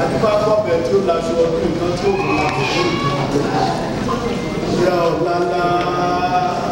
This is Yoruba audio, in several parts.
Adúbákọ̀bẹ̀ tí ó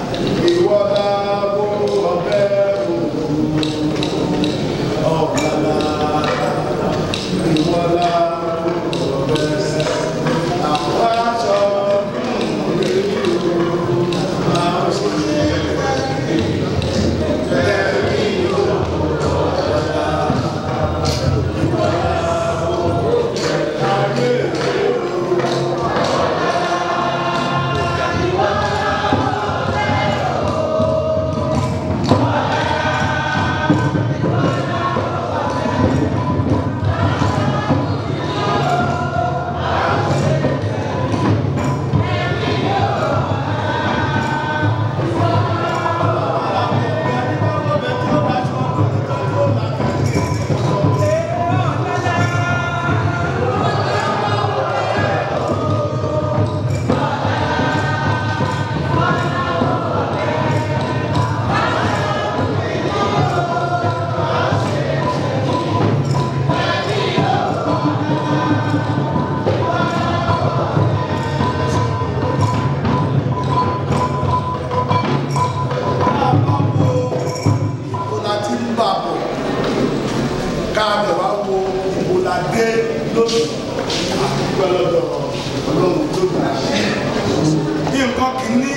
ní nǹkan kìíní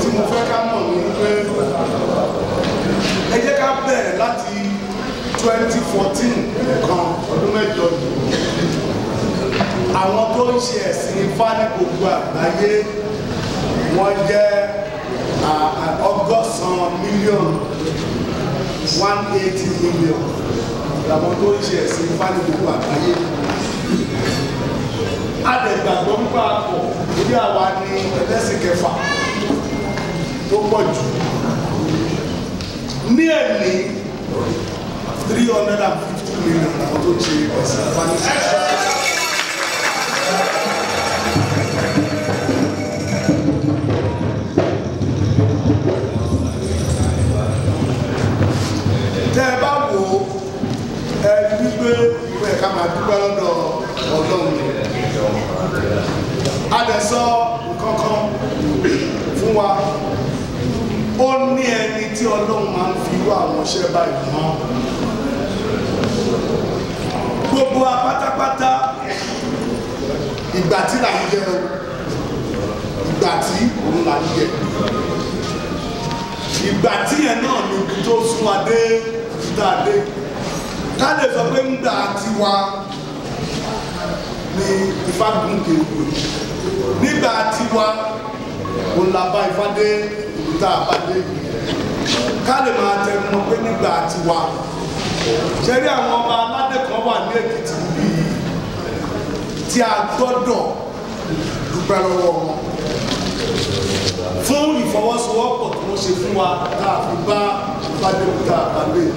tí mo fẹ́ ká mọ̀ ní pé ẹ jẹ́ ká bẹ̀rẹ̀ láti twenty kan ọdún mẹ́jọ yìí àwọn tó ń ṣe ẹ̀sìn Ifá ní gbogbo àgbáyé wọ́n jẹ́ ọgọ́sàn-án mílíọ̀nù one eighty million tó ń ṣe ẹ̀sìn Ifá ní gbogbo àgbáyé adẹ̀gbàgbọ́ ń bá a pọ̀ lórí àwa ni ẹlẹ́sìn kẹfà tó pọ̀ jù ní ẹ̀ní three hundred and fifty million àwọn tó ṣe ẹ̀sìn ìfanisẹ́. tẹ ẹ bá ẹ dúpẹ́ ẹ ká máa dúpẹ́ lọ́dọ̀ ọlọ́run adẹ̀sọ kankan fún wa ó ní ẹni tí ọlọ́run máa ń fi wá àwọn iṣẹ́ báyìí mọ́ gbogbo apátápátá ìgbà tí là ń jẹ o ìgbà tí òun là ń jẹ ìgbà tí yẹn náà ni tó sún adé tá a dé ká lè sọ pé ń gbà tiwa ni ifá gùnkè òkú nígbà tiwa òun la bá ifá dé ìta àbádé ká lè máa tẹnu mọ́ pé nígbà tiwa ṣẹ́rí àwọn ọba aládé kan wà ní Èkìtì bíi tí a gbọ́dọ̀ dúpẹ́ lọ́wọ́ wọn fún ìfọwọ́sowọ́pọ̀ tí wọ́n ṣe fún wa tá a fi bá ìfádẹ́kúta àbálẹ̀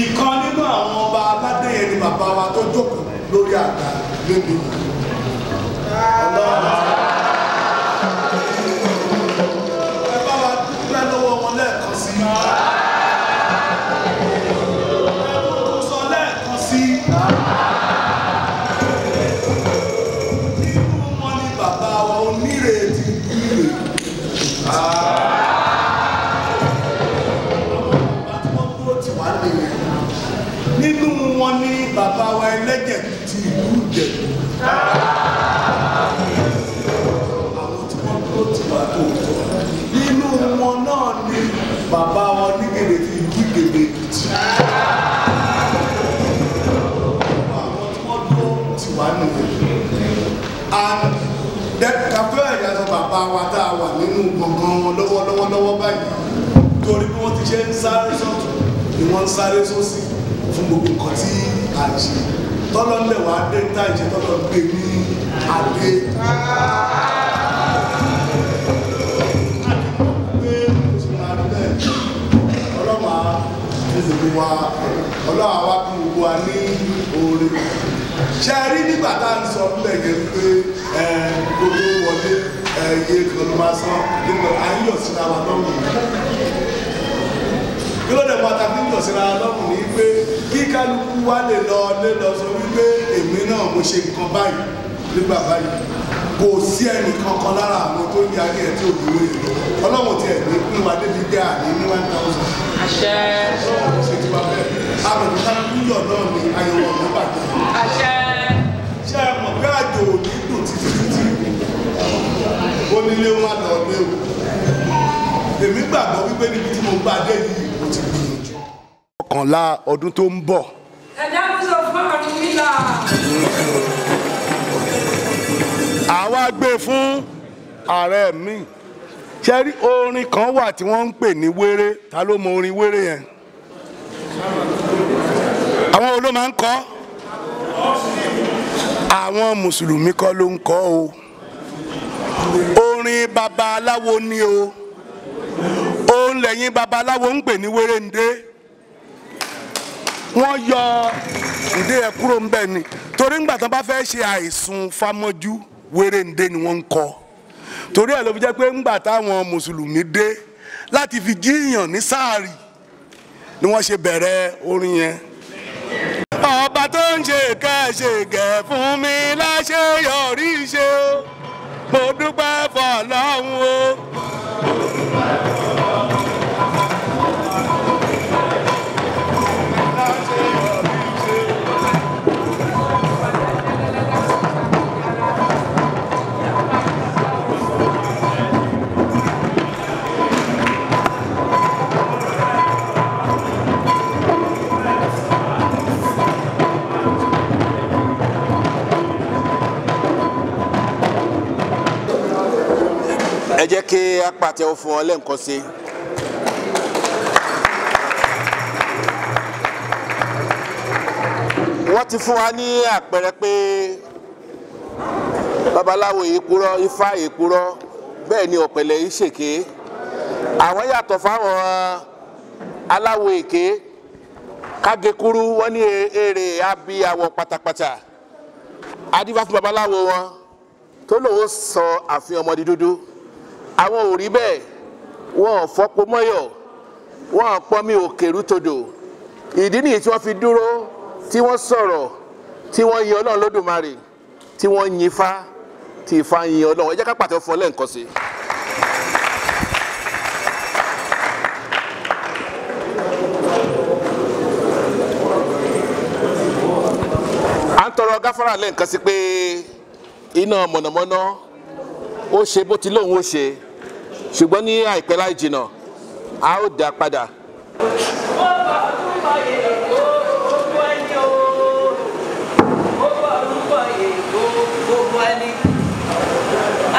ìkan nínú àwọn ọba aládé yẹn ni bàbá wa tó jókòó lórí àgbà lónìí. ṣe ń sáré sọ́tún ni wọ́n ń sáré sósì fún gbogbo nǹkan tí à ń ṣe tọ́lọ́ ń lẹ̀ wá dé tá ìṣe tọ́lọ́ gbé ní adé. ọlọ́run àwa kí gbogbo wa ní oore ṣe rí nígbà tá à ń sọ nílẹ̀ yẹn pé gbogbo wọlé iye kan ló máa san nígbà à ń yọ̀ síra wa kí ló dé pàtàkì ìjọsìnra lọ́rùn ní pé kí kálukú wá lè lọ lé lọ sọ wípé èmi náà mo ṣe nǹkan báyìí nígbà báyìí kò sí ẹnì kankan lára àwọn tó ń di ayé ẹ tí ò dúró yìí lọ ọlọ́run ti ẹ̀mí kún wa débi gbé àní ní one thousand. àṣẹ. ọlọ́run ti wá bẹ́ẹ̀ àbẹ̀bí kálukú yọ̀ náà ni ayọ̀wọ̀ ọ̀nà bàjẹ́. àṣẹ. ṣé ẹ mọ̀ pé àjò òní dùn títí títí onílé wọn àtọ̀ ọ̀gbẹ́ èmi gbàgbọ́ wípé níbi tí mo gbà dé yìí mo ti gbìyànjú. ọkànlá ọdún tó ń bọ̀. ẹ̀dá mi sọ fún ọdún mi là. àwa gbé e fún ààrẹ mi ṣe rí orin kan wà tí wọ́n ń pè ní wéré ta ló mọ orin wéré yẹn àwọn olóò máa ń kọ́ àwọn mùsùlùmí kọ́ ló ń kọ́ o orin baba aláwo ni o òun lẹ́yìn babaláwo ń pè ní wéréǹdé wọ́n yọ ǹdé ẹ̀ kúrò ń bẹ̀ ni torí ńgbà tán bá fẹ́ ṣe àìsùn famọ́jú wéréǹdé ni wọ́n ń kọ torí ẹ̀ ló fi jẹ́ pé ńgbà táwọn mùsùlùmí dé láti fi jíyàn ní sáàrì ni wọ́n ṣe bẹ̀rẹ̀ orin yẹn. ọba tó ń ṣe kẹ́ṣe gẹ̀ fún mi láṣẹ yọrí ṣe o mo dúpẹ́ fọlọ́run o. Thank you. ẹ jẹ́ kí a pàtẹ́wọ́ fún wọn lẹ́ǹkan sí i. wọ́n ti fún wa ní àpẹẹrẹ pé babaláwo yìí purọ́ ifá yìí purọ́ bẹ́ẹ̀ ni ọ̀pẹ̀lẹ̀ yìí ṣèké àwọn yàtọ̀ fáwọn aláwo èké kágekuru wọ́n ní èrè abi àwọ̀ pátápátá adífá fún babaláwo wọn tó lòun sọ àfihàn ọmọdé dúdú àwọn ò rí bẹ́ẹ̀ wọn ò fọpo mọ́yọ̀ wọn ò pọnmi òkèrú todò ìdí nìyí tí wọ́n fi dúró tí wọ́n sọ̀rọ̀ tí wọ́n yin ọlọ́run lódùmarè tí wọ́n yin ifá tí ifá yin ọlọ́run ẹ jẹ́ ká pàtẹ́ fún ọ lẹ́ǹkan sí. à ń tọrọ gáfárà lẹ́ǹkan sí pé iná mọ̀nàmọ́ná ó ṣe bó ti lóun ó ṣe ṣùgbọ́n ní àìpẹ́ láì jìnà a ó dá padà.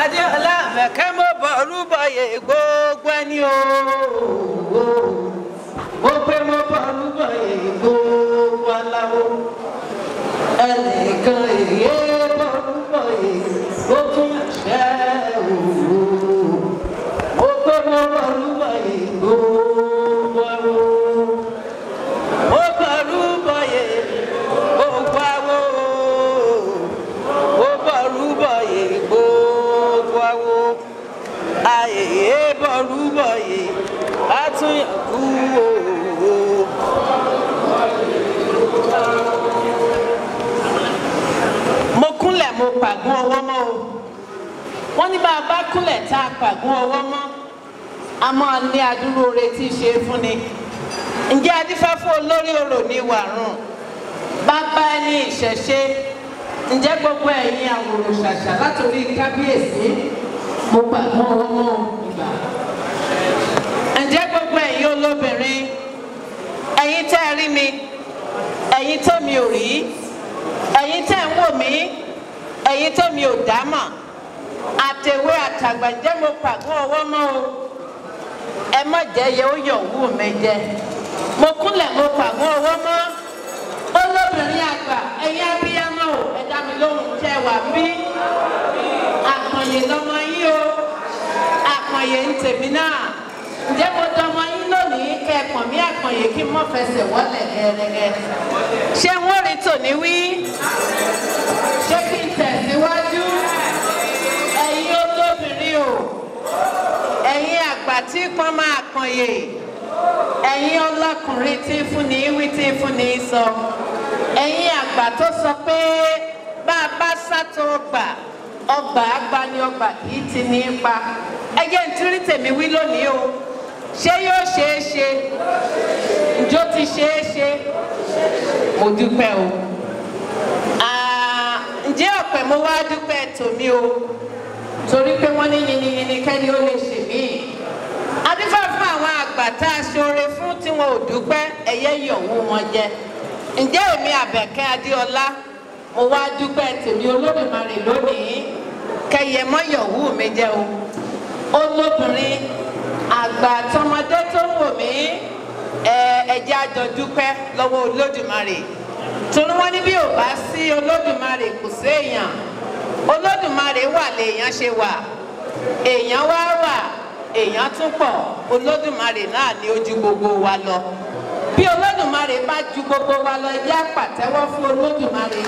adéọlá mẹkẹ́mọ́ bọ̀ olúbọ̀yé gbogbo ẹni o mo pé mo bọ̀ olúbọ̀yé gbogbo aláwo ẹni. awo ayẹyẹ bọ̀rúbọ̀yẹ àtúnyẹ̀kú o. mo kúnlẹ̀ mo pàgún ọwọ́ mọ́ o wọ́n ní bá a bá kúnlẹ̀ tá a pàgún ọwọ́ mọ́ a máa ní adúrú oore tí í ṣe fún ni ǹjẹ́ adífáfó olórí orò ní wàrùn bàbá ẹni ìṣẹ̀ṣe ǹjẹ́ gbogbo ẹ̀yin àwòrò ṣàṣà látòrí kábíyèsí mo gbà mọ́ ọmọ ìgbà. ǹjẹ́ gbogbo ẹ̀yin olóbìnrin ẹ̀yin tẹ́ ẹ rí mi ẹ̀yin tẹ́ mi ò rí ẹ̀yin tẹ́ ń wò mí ẹ̀yin tẹ́ mi ò dá mọ̀ àtẹ̀wé àtàgbà ǹjẹ́ mo pàgọ́ ọwọ́ mọ́ o ẹ má jẹ́ yẹ ó yọ̀ wù mí jẹ mo kúnlẹ̀ mo pàgọ́ ọwọ́ mọ́ olóbìnrin àgbà ẹ̀yin abí mi lóhùn tẹ́ wà bí àkànyè lọmọ yín o àkànyè ń tèmi náà ǹjẹ́ mo dọmọ yín lónìí kẹ́ẹ̀kàn mí àkànyè kí n fẹsẹ̀ wọlé gẹ́gẹ́ ṣé wọ́n rí tòní wí ṣé kí n tẹ̀síwájú ẹ̀yin olóbìnrin o ẹ̀yin àgbà tí pọ́n máa kànyè ẹ̀yin ọlọ́kùnrin tí fúnni wí tí fúnni sọ ẹ̀yin àgbà tó sọ pé. bá a bá sátọ ọgbà ọgbà agbani ọgbà kì í ti ní í pa ẹ jẹ́ tèmi wí lónìí o ṣé yóò ṣeé ṣe ǹjọ́ ti ṣeé ṣe mo dúpẹ́ o ǹjẹ́ ọ̀pẹ̀ mo wá dúpẹ́ tòmí o torí pé wọ́n ní yiniyini kẹ́ni ó lè ṣe mí adúfà fún àwọn àgbà tá a ṣoore fún tí wọn ò dúpẹ́ ẹ̀yẹ́ yọ̀wọ́ wọn jẹ ǹjẹ́ èmi àbẹ̀kẹ́ adéọlá mo wá dúpẹ́ tèmi olódùmarè lónìí kẹyẹmọ yọ̀wù mi jẹ́ o olóbìnrin àgbà tọmọdé tó ń wò mí ẹ̀jẹ̀ àjọ dúpẹ́ lọ́wọ́ olódùmarè torí wọ́n ní bí ò bá sí olódùmarè kò sí èèyàn olódùmarè wà lèèyàn ṣe wà èèyàn wá wà èèyàn tún pọ̀ olódùmarè náà ní ojú gbogbo wa lọ bí olódùmarè bá ju gbogbo wa lọ yá pàtẹ́wọ́ fún olódùmarè.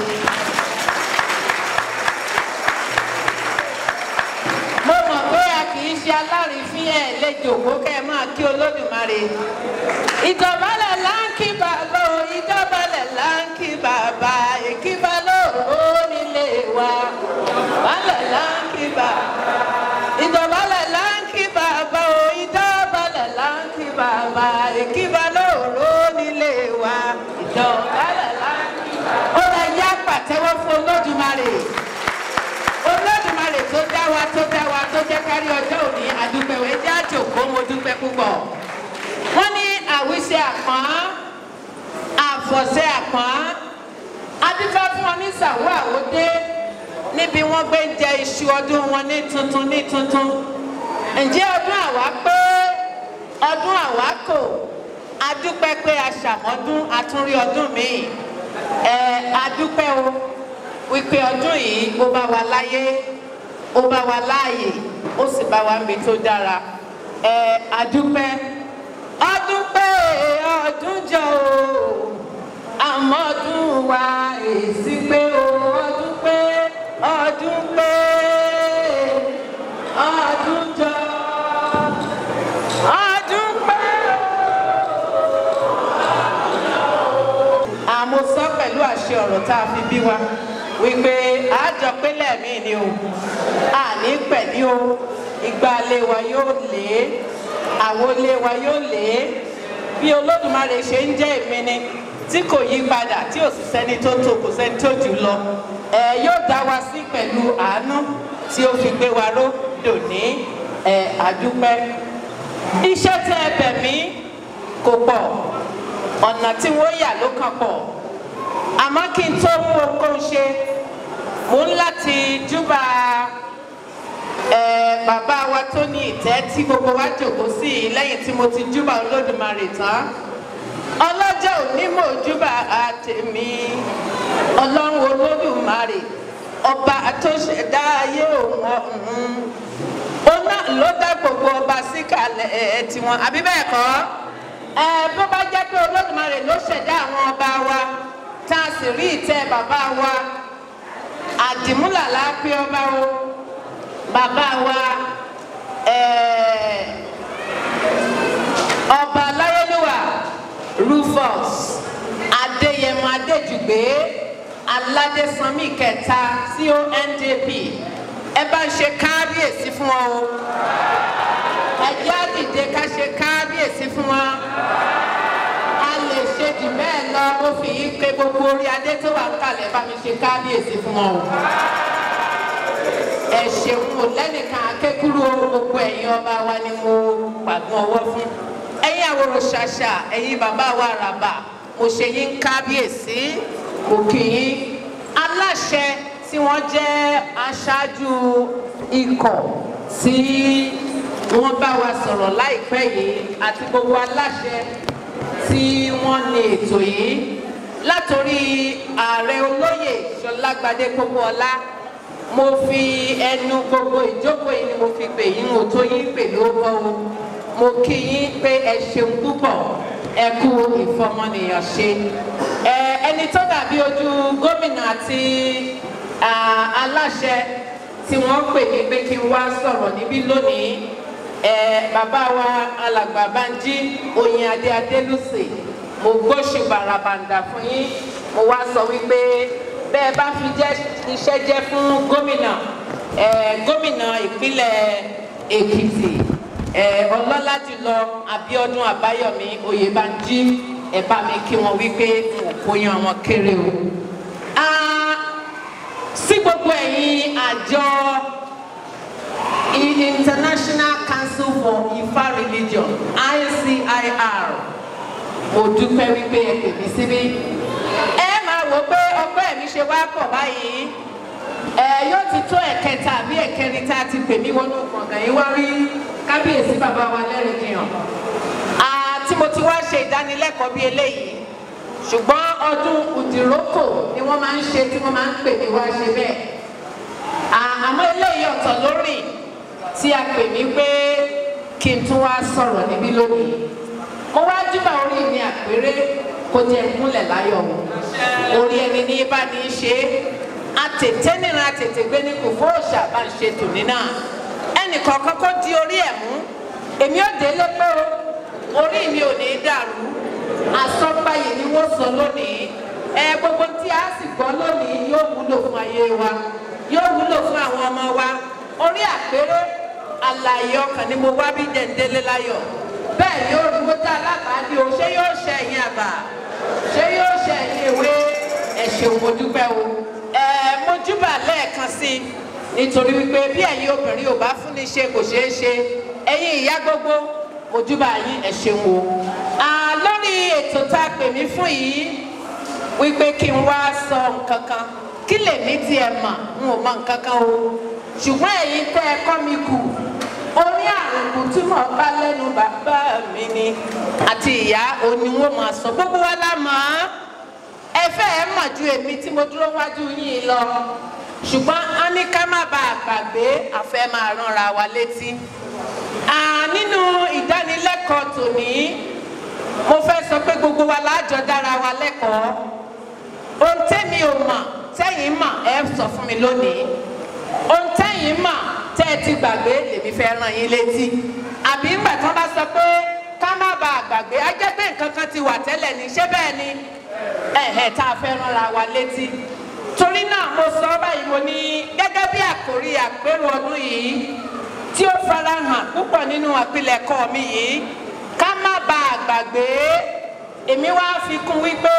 ṣe alárìífín ẹ̀ lè jòkó kẹ́ ẹ máa kí olódùmarè. ìdọ̀bálẹ̀ là ń kí bàbá o ìdọ̀bálẹ̀ là ń kí bàbá èkìbá lóòó nílé wa. ìdọ̀bálẹ̀ là ń kí bàbá. ìdọ̀bálẹ̀ là ń kí bàbá o ìdọ̀bálẹ̀ là ń kí bàbá ó lọ yá pàtẹ́wọ́ fún olódùmarè olódùmarè tó dá wa tó dá tó jẹ́ kárí ọjọ́ òní àdúpẹ́ wẹ̀ jẹ́ àjòkó mo dúpẹ́ púpọ̀ wọ́n ní àwíṣe àpọ́n àfọ̀ṣẹ àpọ́n adífá fún ọ ní sàwọ́ àwòdé níbi wọ́n gbé ń jẹ iṣu ọdún wọn ní tuntun ní tuntun ǹjẹ́ ọdún àwa pé ọdún àwa kò adúpẹ́ pé aṣàmọ́dún àtúnrí ọdún míì ẹ̀ adúpẹ́ o wípé ọdún yìí ó bá wa láyé ó bá wa láàyè ó sì bá wa mi tó dára ẹ adúpẹ́ ọdún pé ọdún jọ o àmọ́ ọdún wa èsì pé o ọdún pé ọdún pé ọdún jọ. ọdún sọ pẹ̀lú àṣẹ ọ̀rọ̀ tá a fi bí wa wípé pélé mi ni o àní pẹ̀lú o ìgbà ilé wa yóò lé àwọn ilé wa yóò lé bí olódùmarè ṣe ń jẹ́ èmi ni tí kò yí padà tí ò sì sẹ́ni tó tó kò sẹ́ni tó jù lọ ẹ yóò dá wa sí pẹ̀lú àánú tí ó fi gbé wa ró dòní ẹ àdúpẹ́ iṣẹ́ tẹ ẹ mí kò pọ̀ ọ̀nà tí wọ́n yà ló kàn pọ̀ àmọ́ kí n tó mú okòó ṣe mo ń láti júbà bàbá wa tó ní ìtẹ́ tí gbogbo wa jòkó sí i lẹ́yìn tí mo ti júbà olódùmarè tán ọlọ́jọ́ òní mò ń júbà àtẹ̀mí ọlọ́run olódùmarè ọba àtọ́ṣẹ̀dá ayé òun ọ̀hún òun náà ló dá gbogbo ọba sí kalẹ̀ tiwọn àbí bẹ́ẹ̀ kọ́ bó bá jẹ́ pé olódùmarè ló ṣẹ̀dá àwọn ọba wa tá a sì rí ìtẹ́ bàbá wa àdìmúlà lápẹ́ ọba o bàbá wa ọba aláyélúwà Rufus adéyẹmọ adéjùgbé aládésanmí kẹta condp ẹ bá ń ṣe káàbíyèsí. ìbejì bẹ́ẹ̀ lọ mo fi yí pé gbogbo orí adé tó wà ń kalẹ̀ bá mi ṣe kábíyèsí fún wọn o. ẹ ṣeun o lẹ́nìkan akékúrú gbogbo ẹ̀yin ọba wa ni mo pàgọ́ ọwọ́ fún. ẹ̀yin àwòrán ṣàṣà ẹ̀yin bàbá wa ràbà mo ṣe yín kábíyèsí mo kí yín aláṣẹ tí wọ́n jẹ́ aṣáájú ikọ̀ tí wọ́n bá wa sọ̀rọ̀ láìpẹ́ yìí àti gbogbo aláṣẹ tí wọ́n ní ètò yìí látòrí ààrẹ olóyè Ṣọlágbadé Gbógbóọlá mo fi ẹnu gbogbo ìjókòó yìí ni mo fi pè yín o tó yín pè ló bọ́ o mo kí yín pé ẹ ṣeun púpọ̀ ẹ kú ìfọmọnìyàn ṣe ẹ ẹni tó dàbí ojú gómìnà àti aláṣẹ tí wọ́n pè mí pé kí n wá sọ̀rọ̀ níbí lónìí ẹ bàbá wa alàgbà Bánjí Oyin Adé Adélùsè mo gbóṣù bàràbàǹdà fún yín mo wá sọ wípé bẹ́ẹ̀ bá fi jẹ́ iṣẹ́ jẹ́ fún gómìnà ẹ gómìnà ìpínlẹ̀ Èkìtì ẹ ọlọ́lá jùlọ Abíọ́dún Àbáyọ̀mí Oyèbánjí ẹ bá mi kí wọn wípé mo kó yan wọn kéré o. sí gbogbo ẹ̀yin àjọ International Council for Ifa Religion ICIR mo dúpẹ́ wípé ẹ pè mí síbí ẹ máa wò pé ọpẹ́ mi ṣe wá pọ̀ báyìí ẹ yóò ti tó ẹ̀kẹta àbí ẹ̀kẹrin tá a ti pè mí wọnú kànga yìí wá rí kábíyèsí bàbá wa lẹ́rìndínlẹ́yàn àti mo ti wá ṣe ìdánilẹ́kọ̀ọ́ bí eléyìí ṣùgbọ́n ọdún Udiroko ni wọ́n máa ń ṣe tí wọ́n máa ń pè mí wá ṣe bẹ́ẹ̀. Ah, àmọ́ eléyìí ọ̀tọ̀ lórí tí a pè mí pé kí n tún wá sọ̀rọ̀ níbí lónìí mo wá júbà orí mi àpérè kó jẹ múlẹ̀ láyọ̀ orí ẹni ní bá ní í ṣe àtètè nínú àtètè gbé ní kò fóòṣà bá ń ṣe tòní náà ẹnì kọ̀ọ̀kan kó di orí ẹ̀ mú èmi ò délé pé orí mi ò ní dàrú àsọpayè ni wọ́n sọ lónìí ẹ gbogbo tí a sì gbọ́ lónìí yóò wúlò fún ayé wa yóò wúlò fún àwọn ọmọ wa orí àpérò àlàyé ọkàn ni mo wá bí dẹ̀ndélé láyọ̀ bẹ́ẹ̀ ni orúkọ tá a lábàádìí o ṣé yóò ṣe ẹ̀yin àbà ṣé yóò ṣe ẹ̀yin ìwé ẹ̀ṣẹ̀ òmòdúpẹ́ o ẹ̀ mojúbà lẹ́ẹ̀kan sí i nítorí wípé bí ẹ̀yin obìnrin ò bá fún ni ṣe kò ṣeé ṣe ẹ̀yin ìyá gbogbo mojúbà yín ẹ̀ṣẹ̀ wo. lórí ètò tá a pè mí fún yìí wípé kí n wá sọ nǹkan kan kí lèmi ti ẹ̀ mà n ò mọ nǹkan kan o ṣùgbọ́n ẹ̀yin tẹ́ ẹ kọ́ mi kù orí àrùnkù tí mo bá lẹ́nu bàbá mi ni àti ìyá òní wọn máa sọ gbogbo wa la mọ̀ ọ́ ẹ fẹ́ ẹ mà ju èmi tí mo dúró wájú yín lọ ṣùgbọ́n a ní ká má bàa gbàgbé àfẹ́ máa ránra wa létí nínú ìdánilẹ́kọ̀ọ́ tòní mo fẹ́ sọ pé gbogbo wa láàjọ dára wa lẹ́kọ̀ọ́ ohun tẹ́mi ò mọ̀. tẹ́yìn mà ẹ sọ fún mi lónìí ohun tẹ́yìn mà tẹ́ ẹ ti gbàgbé lèmi fẹ́ ràn yín létí àbí ńgbà tí wọ́n bá sọ pé ká má ba àgbàgbé á jẹ́ pé nǹkan kan ti wà tẹ́lẹ̀ ní ṣé bẹ́ẹ̀ ni ẹ̀hẹ̀ tá a fẹ́ ránra wa létí torí náà mo sọ báyìí mo ní gẹ́gẹ́ bí àkórí àpérò ọdún yìí tí ó farahàn púpọ̀ nínú àpilẹ̀kọ mi yìí ká má ba àgbàgbé èmi wá fi kún wípé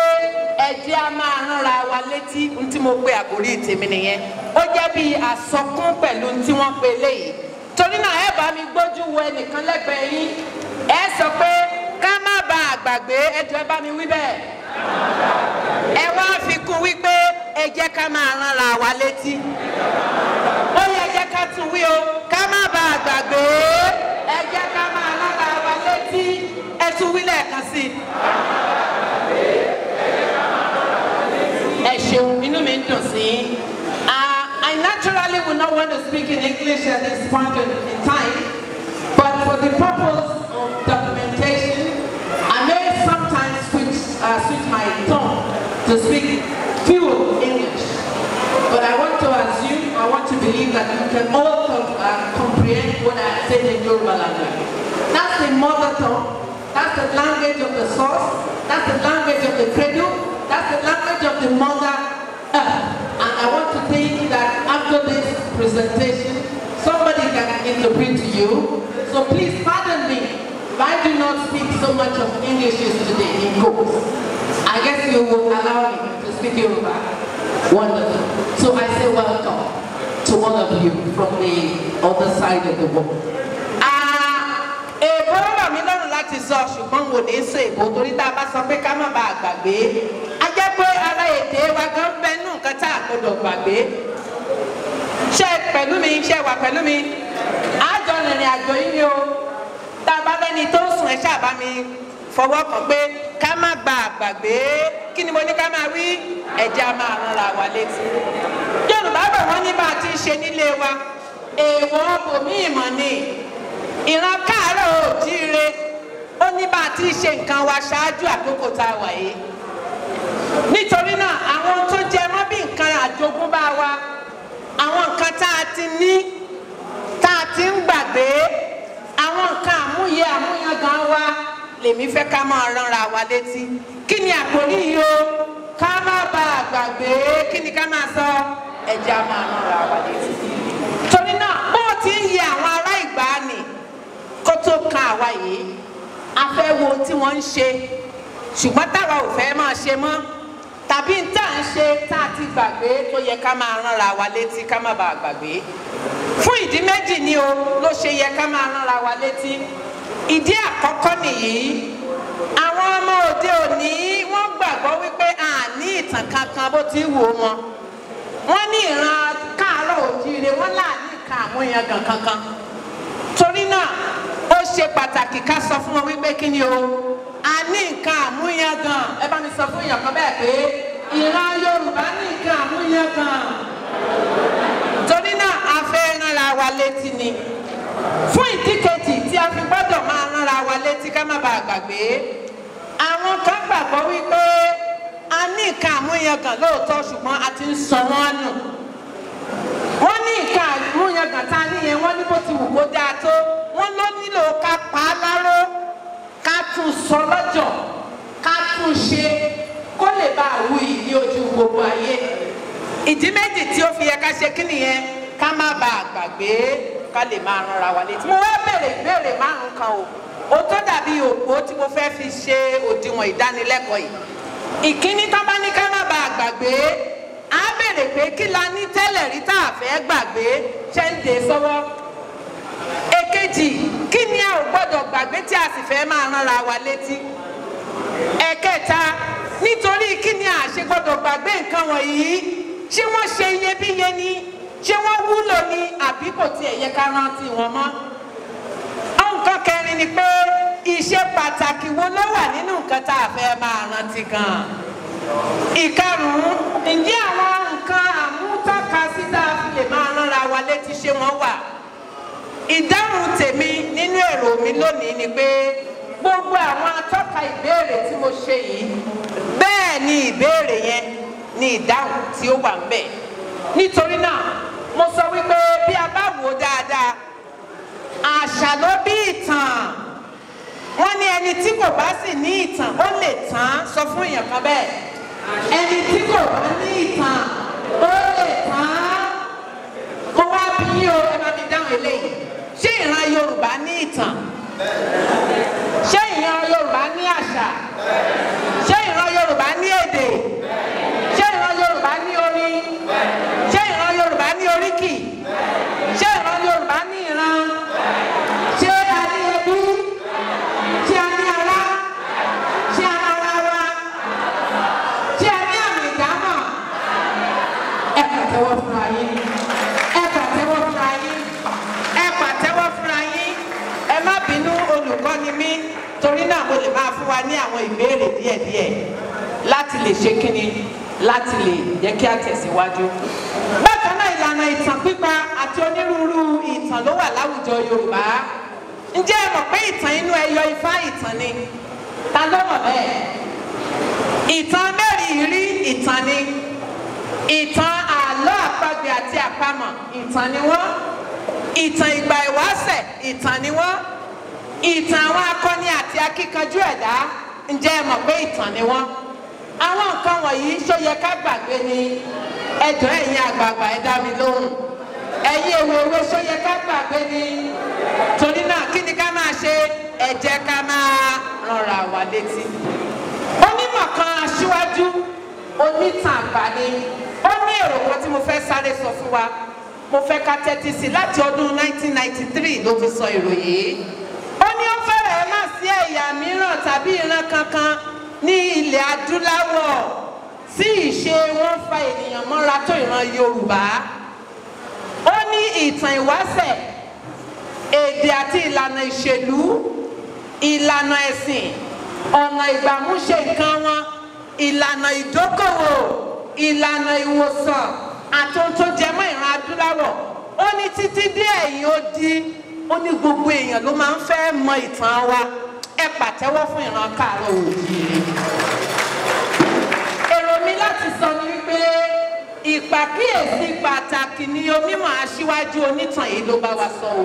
ẹ a máa ránra wa létí ohun tí mo pe àkórí tèmi nìyẹn ó jẹ́ bí àsọkún pẹ̀lú tí wọ́n pe léyìí torí náà ẹ bá mi gbójú wo ẹnìkan lẹ́gbẹ̀ẹ́ yín ẹ sọ pé ká má ba àgbàgbé ẹ bá mi wí bẹ́ẹ̀ ẹ wá fi kún wípé ẹ jẹ́ ká máa ránra wa létí ó yẹ ẹ ká tún wí o ká má ba àgbàgbé ẹ jẹ́ ká máa ránra wa létí ẹ tún wí sí i. inú i naturally would not want to speak in English at this point in time but for the purpose of documentation I may sometimes switch, uh, switch my tongue to speak few English but I want to assume I want to believe that you can all uh, comprehend what I said in Yoruba language that's the mother tongue that's the language of the source that's the language of the cradle that's the language of the mother presentation, somebody can interpret to you. So please pardon me if I do not speak so much of English today in course. I guess you will allow me to speak Yoruba. Wonderful. So I say welcome to all of you from the other side of the world. Ah, eh, ṣe pẹ̀lú mi ṣe wà pẹ̀lú mi àjọ rìnrìn àjò yìí ni o tá a bá lẹ́ni tó ń sùn ẹ̀ ṣáàbá mi fọwọ́ kàn pé ká má gba àgbàgbé kí ni mo ní ká máa wí ẹ̀jẹ̀ a máa ràn ra wa létí. Yorùbá bẹ̀ wọ́n ní bá a ti ṣe nílé wa èèwọ̀ bòmí ìmọ̀ ni ìran káàárọ̀ òjíire ó ní bá a ti ṣe nǹkan wa ṣáájú àkókò tá a wà yìí. nítorí náà àwọn tó jẹ mọ́ bí nǹkan àjogúnbá wa àwọn nǹkan tá a ti ní tá a ti ń gbàgbé àwọn nǹkan àmúyẹ àmúyangàn wa lèmi fẹ́ ká máa ránra wa létí kí ni àkórí yìí o ká má ba àgbàgbé kí ni ká máa sọ ẹ̀jẹ̀ a máa ránra wa létí. torí náà bó o ti ń yẹ àwọn ará ìgbàanì kó tó kan àwa yìí a fẹ́ wo tí wọ́n ń ṣe ṣùgbọ́n táwa ò fẹ́ máa ṣe mọ́ tàbí n tá à ń ṣe tá a ti gbàgbé tó yẹ ká máa ránra wa létí ká má bàa gbàgbé fún ìdí méjì ni o ló ṣe yẹ ká máa ránra wa létí ìdí àkọ́kọ́ nìyí àwọn ọmọ òde òní wọ́n gbàgbọ́ wípé a ní ìtàn kankan bó ti wù wọn wọ́n ní ìran káàárọ̀ òjíire wọ́n láàánú ìka àwọn èèyàn gan kankan torí náà ó ṣe pàtàkì ká sọ fún wọn wípé kí ni o a ní nǹkan àmúyangàn ẹ bá mi sọ fún èèyàn kan bẹ́ẹ̀ pé ìran Yorùbá ní nǹkan àmúyangàn torí náà a fẹ́ ránra wa létí ni fún ìdíkejì tí a fi gbọ́dọ̀ máa ránra wa létí ká má bàa gbàgbé àwọn kan gbàgbọ́ wípé a ní nǹkan àmúyangàn lóòótọ́ ṣùgbọ́n a ti ń sọ wọ́n nù wọ́n ní nǹkan àmúyangàn tá a níyẹn wọ́n ní bó ti wù kó dáa tó wọ́n ló nílò ká pa á láró tún sọ lọ́jọ́ ká tún ṣe kó lè bá àwù yìí ní ojú gbogbo ayé ìdí méjì tí ó fi yẹ ká ṣe kí nìyẹn ká má bàa gbàgbé ká lè máa ránra wa létí mo wá béèrè ìbéèrè márùn kan o ó tó dàbí òpó tí mo fẹ́ fi ṣe òdiwọ̀n ìdánilẹ́kọ̀ọ́ yìí ìkíní tó bá ní ká má bàa gbàgbé á béèrè pé kí la ní tẹ́lẹ̀ rí tá a fẹ́ gbàgbé ṣé sọ́wọ́ èkejì kí ni a ò gbọ́dọ̀ gbàgbé tí a sì fẹ́ máa ránra wa létí ẹ̀kẹta nítorí kí ni a ṣe gbọ́dọ̀ gbàgbé nǹkan wọ̀nyí ṣé wọ́n ṣe iyebíye ni ṣé wọ́n wúlò ni àbí kò tiẹ̀ yẹ ká rántí wọn mọ́ nǹkan kẹrin ni pé iṣẹ́ pàtàkì wo ló wà nínú nǹkan tá a fẹ́ máa rántí gan ìkarùn-ún ǹjẹ́ àwọn nǹkan àmútọ́kasí tá a fi lè máa ránra wa létí ṣé wọ́n wà ìdáhùn tèmi nínú èrò mi lónìí ni pé gbogbo àwọn atọ́ka ìbéèrè tí mo ṣe yìí bẹ́ẹ̀ ni ìbéèrè yẹn ni ìdáhùn tí ó wà ń bẹ̀ nítorí náà mo sọ wípé bí a bá wò ó dáadáa àṣà ló bí ìtàn wọ́n ní ẹni tí kò bá sì ní ìtàn ó lè tán sọ fún èèyàn kan bẹ́ẹ̀ ẹni tí kò bá ní ìtàn ó lè tán kó wá bí yín o ẹ bá mi dáhùn eléyìí ṣé ìran Yorùbá ní ìtàn ṣé ìran Yorùbá ní àṣà ṣé wa ní àwọn ìbéèrè díẹ̀díẹ̀ láti lè ṣe kíni láti lè jẹ́ kí a tẹ̀síwájú. bákan náà ìlànà ìtàn pípa àti onírúurú ìtàn ló wà láwùjọ yorùbá ǹjẹ́ ẹ mọ̀ pé ìtàn inú ẹyọ ifá ìtàn ni ta ló mọ̀ bẹ́ẹ̀ ìtàn mẹ́rin ìrí ìtàn ni ìtàn àlọ́ àpagbè àti àpamọ̀ ìtàn ni wọ́n ìtàn ìgbà ìwáṣẹ̀ ìtàn ni wọ́n. ìtàn àwọn akọni àti akíkanjú ẹ̀dá ǹjẹ́ ẹ mọ̀ ìtàn ni wọ́n àwọn nǹkan wọ̀nyí sóyẹ ká gbàgbé ni ẹ̀dùn ẹ̀yin àgbààgbà ẹ̀dá mi lóhùn ẹ̀yin ewu owó ká gbàgbé ni torí náà kí ni ká máa ṣe ẹ ka ká máa wà létí onímọ̀ kan aṣíwájú onítàn àgbà ni ó kan tí mo fẹ́ sáré sọ fún wa mo fẹ́ ká tẹ́tí sí láti ọdún 1993 ló fi sọ ìròyìn ó ní ó fẹ́rẹ̀ẹ́ má sí ẹ̀yà mìíràn tàbí ìran kankan ní ilẹ̀ adúláwọ̀ tí ìṣe wọn fa ènìyàn mọ́ra tó ìran yorùbá ó ní ìtàn ìwáṣẹ̀ èdè àti ìlànà ìṣèlú ìlànà ẹ̀sìn ọ̀nà ìgbàmúṣe nǹkan wọn ìlànà ìdókòwò ìlànà ìwòsàn àtúntò jẹmọ́ ìran adúláwọ̀ ó ní títí dé ẹ̀yìn odi ó ní gbogbo èèyàn ló máa ń fẹ́ mọ ìtàn wa ẹ pàtẹ́wọ́ fún ìran káàárọ̀ òjìrì. èrò mi láti sọ ni wípé ìpàkíyèsí pàtàkì ni onímọ̀ aṣíwájú onítàn yìí ló bá wa sọ o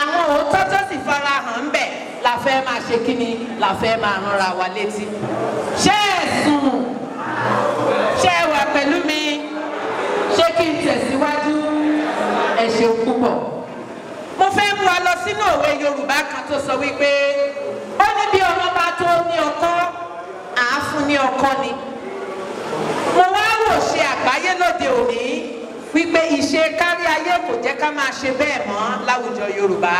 àwọn òótọ́ tó sì fara hàn ń bẹ̀ la fẹ́ máa ṣe kí ni la fẹ́ máa ránra wa létí. ṣé ẹ sùn ṣé ẹ wà pẹ̀lú mi ṣé kí n tẹ̀síwájú ẹ ṣeun púpọ̀ lọ sínú òwe Yorùbá kan tó sọ wípé ó ní bí ọmọ bá tó ní ọkọ àáfún ní ọkọ ni mo wá wò ṣe àgbáyé lóde òní wípé ìṣe kárí ayé kò jẹ́ ká máa ṣe bẹ́ẹ̀ mọ́ láwùjọ Yorùbá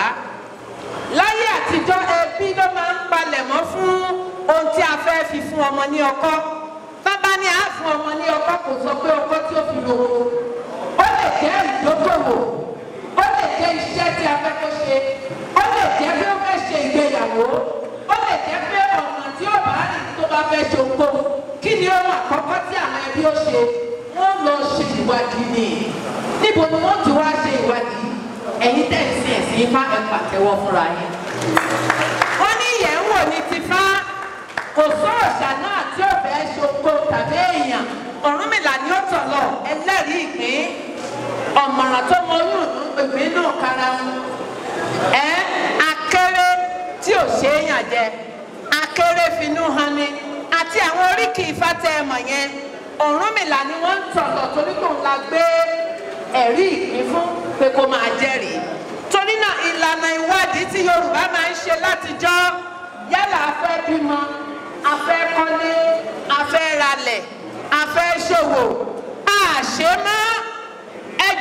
láyé àtijọ́ ẹbí ló máa ń palẹ̀ mọ́ fún ohun tí a fẹ́ fi fún ọmọ ní ọkọ bábá ní àá ọmọ ní ọkọ kò sọ pé ọkọ tí ó fi lò ó lè jẹ́ ìdókòwò iṣẹ́ tí a fẹ́ kó ṣe ó lè jẹ́ pé ó fẹ́ ṣe ìgbéyàwó ó lè jẹ́ pé ọ̀nà tí ó bá rìn tó bá fẹ́ ṣe òkú kí ni ohun àkọ́kọ́ tí àwọn ẹbí ó ṣe wọ́n lọ ṣe ìwádìí ni níbo ni wọ́n ti wá ṣe ìwádìí ẹ̀yin tẹ̀ ń ifá ẹ̀ pàtẹ́wọ́ fúnra yín. wọ́n ní ìyẹn wò ní ti fá kò sọ́ọ̀ṣà náà tí ò fẹ́ ṣoko tàbí èèyàn Ọ̀rúnmìlà ni ó tọ̀ lọ ẹlẹ́rìí ìpín ọ̀mọ̀ràn tó mọ oyún ìgbín náà kára mu ẹ akéré tí ò ṣe é yàn jẹ akéré finú han ni àti àwọn oríkì ifá tẹ ẹ mọ̀ yẹn Ọ̀rúnmìlà ni wọ́n ń tọ̀tọ̀ torí kò ń la gbé ẹ̀rí ìpín fún pé kó máa jẹ́rìí torí náà ìlànà ìwádìí tí Yorùbá máa ń ṣe látijọ́ yálà a fẹ́ bímọ a fẹ́ kọ́lé a fẹ́ ralẹ̀ a fẹ́ ṣòwò a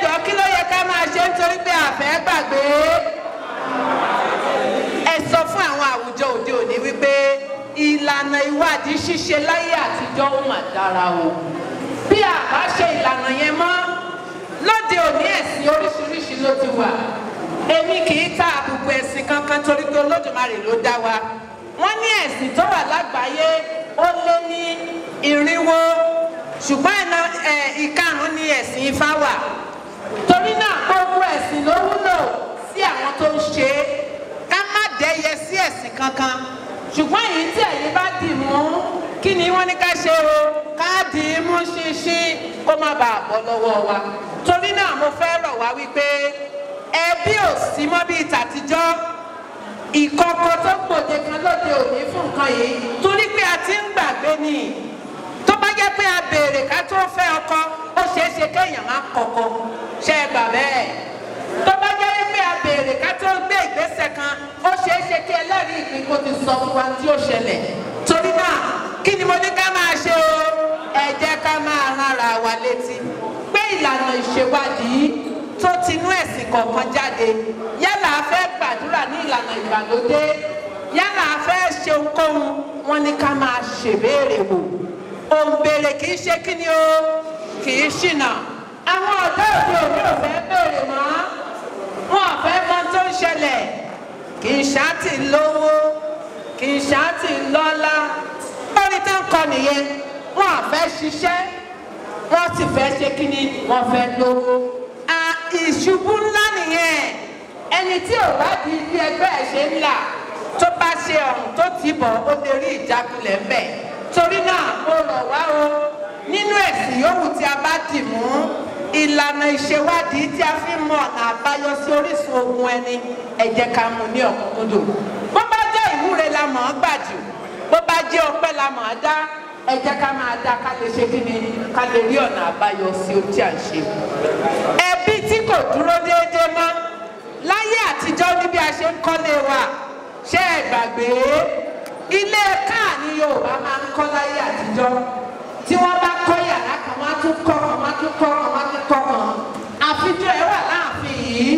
jọ kí ló yẹ ká máa ṣe nítorí pé àfẹ́ gbàgbé ẹ sọ fún àwọn àwùjọ òde òní wípé ìlànà ìwádìí ṣíṣe láyé àtijọ́ ó mà dára o bí a ṣe ìlànà yẹn mọ́ lóde òní ẹ̀sìn oríṣiríṣi ló ti wà èmi kì í ta àbùkù ẹ̀sìn kankan torí pé olódùmarè ló dá wa wọ́n ní ẹ̀sìn tó wà lágbàáyé ó lé ní irinwó ṣùgbọ́n ìkarùn-ún ni ẹ̀sìn ifá wà torí náà gbogbo ẹ̀sìn ló wúlò sí àwọn tó ń ṣe é ká má dẹ́yẹ sí ẹ̀sìn kankan ṣùgbọ́n èyí tí ẹ̀yin bá dì mú kí ni wọ́n ní ká ṣe o ká dì í mú ṣinṣin kó má bàa bọ́ lọ́wọ́ wa torí náà mo fẹ́ rọ̀ wá wípé ẹbí ò sí mọ́ bíi tàtijọ́ ìkọ̀kọ̀ tó gbòde kan lóde òní fún nǹkan yìí torí pé a ti ń gbàgbé ni jẹ́ pé a béèrè ká tó fẹ́ ọkọ ó ṣeé ṣe kéèyàn má kọ́kọ́ ṣe é gbà bẹ́ẹ̀ tó bá jẹ́ wípé a béèrè ká tó gbé ìgbésẹ̀ kan ó ṣeé ṣe kí ẹlẹ́rìí ìpín kó ti sọ fún wa tí ó ṣẹlẹ̀ torí náà kí ni mo ní ká máa ṣe o ẹ jẹ́ ká máa rán ara wa létí pé ìlànà ìṣèwádìí tó tinú ẹ̀sìn kọ̀ọ̀kan jáde yálà a fẹ́ gbàdúrà ní ìlànà ìgbàlódé yálà a fẹ́ ṣe ohunkóhun wọn ní ká máa ṣèbéèrè wò òǹbèrè kì í ṣe kí ni o kì í ṣìnà àwọn ọ̀dọ́ òde òní ò fẹ́ béèrè mọ́ wọn ò fẹ́ mọ tó ń ṣẹlẹ̀ kì í ṣáàtì lówó kì í ṣáàtì lọ́lá orin tó ń kọ nìyẹn wọn ò fẹ́ ṣiṣẹ́ wọ́n sì fẹ́ ṣe kí ni wọ́n fẹ́ lówó ìṣubú ńlá nìyẹn ẹni tí ò bá di ilé ẹgbẹ́ ẹ̀ ṣe ńlá tó bá ṣe ọ̀hún tó ti bọ̀ ó lè rí ìjákulẹ̀ mbẹ́ torí náà mo rọ̀ wá o nínú ẹ̀sìn yòówù tí a bá dì mú ìlànà ìṣèwádìí tí a fi mọ ọ̀nà àbáyọ sí orísun ogun ẹni ẹ jẹ́ ká mú ní ọ̀kúnkúndùn bó bá jẹ́ ìwúre la mọ̀ ọ́ gbà jù bó bá jẹ́ ọpẹ́ la mọ̀ ọ́ dá ẹ ká máa dá ká lè ṣe kí ni ká lè rí ọ̀nà àbáyọ sí ohun tí à ń ṣe. ẹbí tí kò dúró déédéé mọ́ láyé àtijọ́ ní bí a ṣe ń kọ́lé wa ṣé ẹ gbàgbé ilé káà ni Yorùbá máa ń kọ́ láyé àtijọ́ tí wọ́n bá kọ́ yàrá kan wọ́n á tún kọ́ kan wọ́n á tún kọ́ kan wọ́n á tún kọ́ kan àfijọ́ ẹ̀ wà láàfin yìí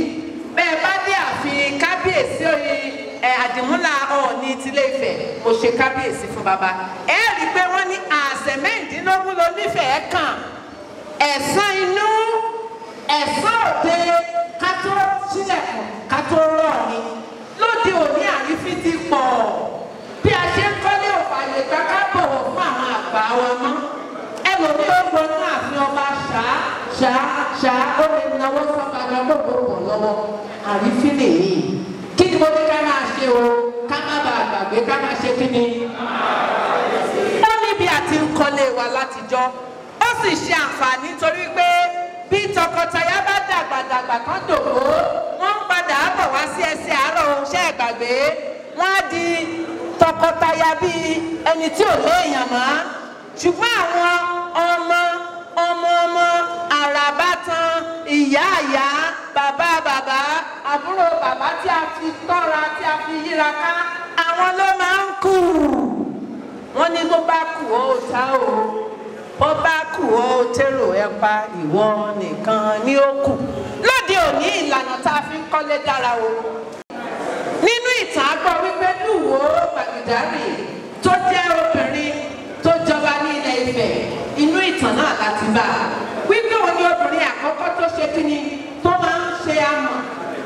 bẹ́ẹ̀ bá dé àfin kábíyèsí oyin ẹ̀ àdìmúlà ọ̀ọ́ni tilé Ifẹ̀ mo ṣe kábíyèsí fún baba ẹ rí i pé wọ́n ní àṣẹ mẹ́rìndínlógún ló nífẹ̀ẹ́ kàn ẹ̀san inú ẹ̀san òde ká sílẹ̀kùn ká rọ̀ ni lóde òní àrífín ti pọ̀ bí a ṣe ń kọ́lé òfààyè gbà ká bọ̀wọ̀ fún àwọn àgbà wa mọ́ ẹ lò tó gbọnú àfin ọba ṣáá ṣáá ṣáá ó lè náwó sọ́kadà gbogbo pọ̀ lọ́wọ́ àrífín nìyí kí ni mo ní ká máa ṣe o ká má bàa gbàgbé ká máa ṣe kí ni. ó ní bí a ti ń kọ́lé wa látijọ́ ó sì ṣe àǹfààní torí pé bí tọkọtaya bá dàgbàdàgbà kan dògbò wọ́n ń padà bọ̀ wá sí ẹsẹ̀ àárọ̀ ohun ṣẹ́ ẹ̀gbàgbé wọ́n á di tọkọtaya bíi ẹni tí ò léèyàn mọ́ ṣùgbọ́n àwọn ọmọ ọmọ ọmọ àràbátan ìyá àyá bàbá bàbá àbúrò bàbá tí a fi tọ́ra tí a fi yíra ká àwọn ló máa ń kú wọ́n ní bó bá kù ó ta o bó bá kù ó tèrò ẹ pa ìwọ nìkan ni ó kù lóde òní ìlànà tá a fi ń kọ́lé dára o nínú ìtàn àgbọ̀ wípé lùwó gbàgìdárì tó jẹ́ obìnrin tó jọba ní ilẹ̀ Ifẹ̀ inú ìtàn náà láti bá a wípé òun ni obìnrin àkọ́kọ́ tó ṣe kí ni tó máa ń ṣe amọ̀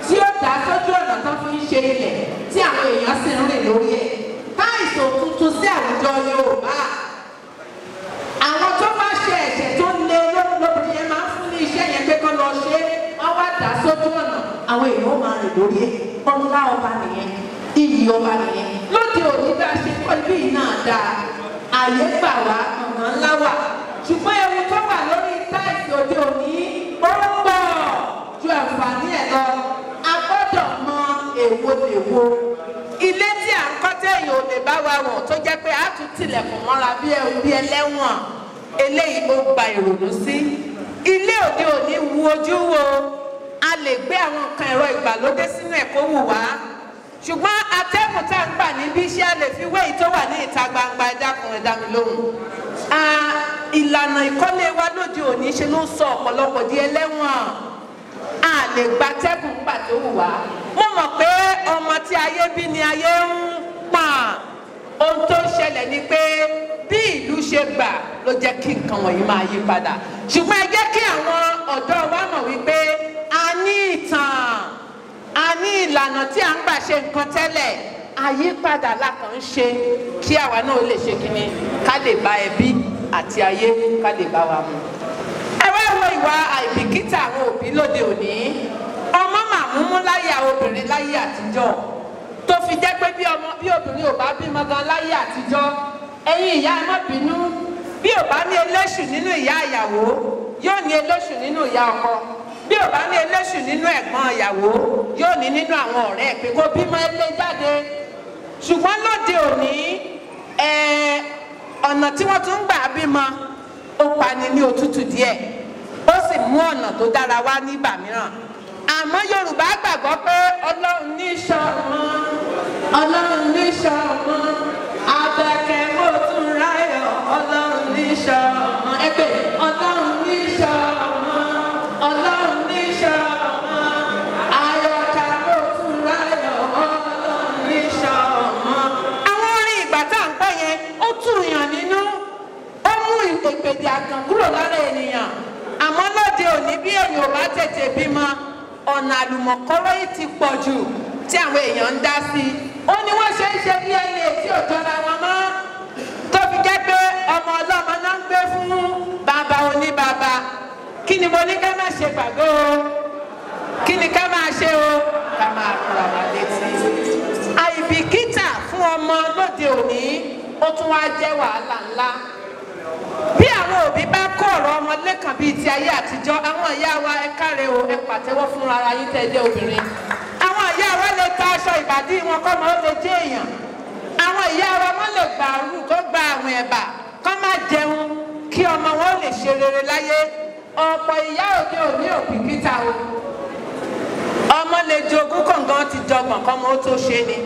tí ó dá sójú ọ̀nà tó fi ń ṣe ilẹ̀ tí àwọn èèyàn sì ń rìn lórí ẹ̀ káìsàn tuntun sí àwùjọ Yorùbá àwọn tó bá ṣe ẹ̀ṣẹ̀ tó lé lóbìnrin yẹn máa ń fún ní iṣẹ́ yẹn pé kọ́ lọ ṣe é wọ́n wá dá sójú ọ̀nà àwọn èèyàn máa rìn lórí ẹ̀ ọlọ́lá ọba nìyẹn iyì ọba nìyẹn lóde òní bá ṣe kọ́ ibi yìí náà dáa àyè gbà wá ọ̀nà ńlá wà ṣùgbọ́n ewu tó wà lórí táìsì òde òní ó ń bọ̀ ju àǹfààní ẹ̀ lọ a gbọ́dọ̀ mọ èwo lèwo ilé tí à ń kọ́ téèyàn ò lè bá wa wọ̀ tó jẹ́ pé a tún tilẹ̀kùn mọ́ra bí ẹlẹ́wọ̀n eléyìí ó gba ìrònú sí ilé òde òní wu ojú wo a lè gbé àwọn nǹkan ẹ̀rọ ìgbàlódé sínú ẹ̀kọ́ wù wá ṣùgbọ́n atẹ́gùn tá ń gbà níbi iṣẹ́ a lè fi wéyìí tó wà ní ìta gbangba ẹ̀dá kan ẹ̀dá mi lóhùn ìlànà ìkọ́lé wa lóde òní ṣe ló ń sọ ọ̀pọ̀lọpọ̀ di ẹlẹ́wọ̀n a lè gba tẹ́gùn gbà tó wù wá mo mọ̀ pé ọmọ tí ayé bí ni ayé ń pọ̀n ohun tó ń ṣẹlẹ̀ ni pé bí ìlú ṣe gbà ló jẹ́ kí nǹkan wọ̀nyí máa yí padà ṣùgbọ́n ẹ jẹ́ kí àwọn ọ̀dọ́ wa mọ̀ wípé a ní ìlànà tí à ń gbà ṣe nǹkan tẹ́lẹ̀ àyípadà la kàn ń ṣe kí àwa náà lè ṣe kíni ká lè bá ẹbí àti ayé ká lè bá wa mu. ẹ wá wo ìwà àìbìkítà àwọn òbí lóde òní ọmọ màmúmú láyé àwọn obìnrin láyé àtijọ́ tó fi jẹ́ pé bí ọmọ bí obìnrin ò bá bímọ gan láyé àtijọ́ ẹ̀yin ìyá ẹ má bínú bí ò bá ní eléṣù nínú ìyá àyàwó yóò ní eléṣù nínú ìyá ọkọ bí ò bá ní eléṣù nínú ẹ̀gbọ́n ìyàwó yóò ní nínú àwọn ọ̀rẹ́ ẹ̀ pé kó bímọ ilé jáde ṣùgbọ́n lóde òní ọ̀nà tí wọ́n tún ń gbà bímọ ó pani ní òtútù díẹ̀ ó sì mú ọ̀nà tó dára wá nígbà mìíràn àmọ́ Yorùbá gbàgbọ́ pé Ọlọ́run ní iṣan ọmọ Ọlọ́run ní iṣan ọmọ abẹ́kẹ́ mo tún ráyọ̀ Ọlọ́run ní iṣan ọmọ ẹgbẹ́ yìí. tètèpèdè àkàn kúrò lára ènìyàn àmọ́ lóde òní bí èyàn ò bá tètè bímọ ọ̀nà àlùmọ̀kọ́rọ́ yìí ti pọ̀ jù tí àwọn èèyàn ń dá sí i ó ní wọ́n ṣe ń ṣe bí ẹni ètí òjọra wọn mọ́ tó jẹ́ pé ọmọ ọlọ́mọ náà ń gbé fún bàbá oníbàbá kí ni mo ní ká má ṣe gbàgbé o kí ni ká máa ṣe o ká máa kúra wá létí àìbìkítà fún ọmọ lóde òní ó tún wá jẹ́ wàhálà ńlá òbí bá kọ́ ọ̀rọ̀ ọmọ lẹ́kàn bíi ti ayé àtijọ́ àwọn ìyá wa ẹ kárẹ̀ o ẹ pàtẹ́wọ́ fún ara yín tẹ́ obìnrin àwọn ìyá wa lè ta aṣọ ìbàdí wọn kọ́ mọ́ lè jẹ́ èèyàn àwọn ìyá wa wọ́n lè gbà rú kó gba àwọn ẹ̀bà kó má jẹun kí ọmọ wọn lè ṣe rere láyé ọ̀pọ̀ ìyá òde òní òkìkíta o ọmọ lè jogún kọ̀ǹgàn ti jọgbọ̀n kọ́mọ ó tó ṣe ni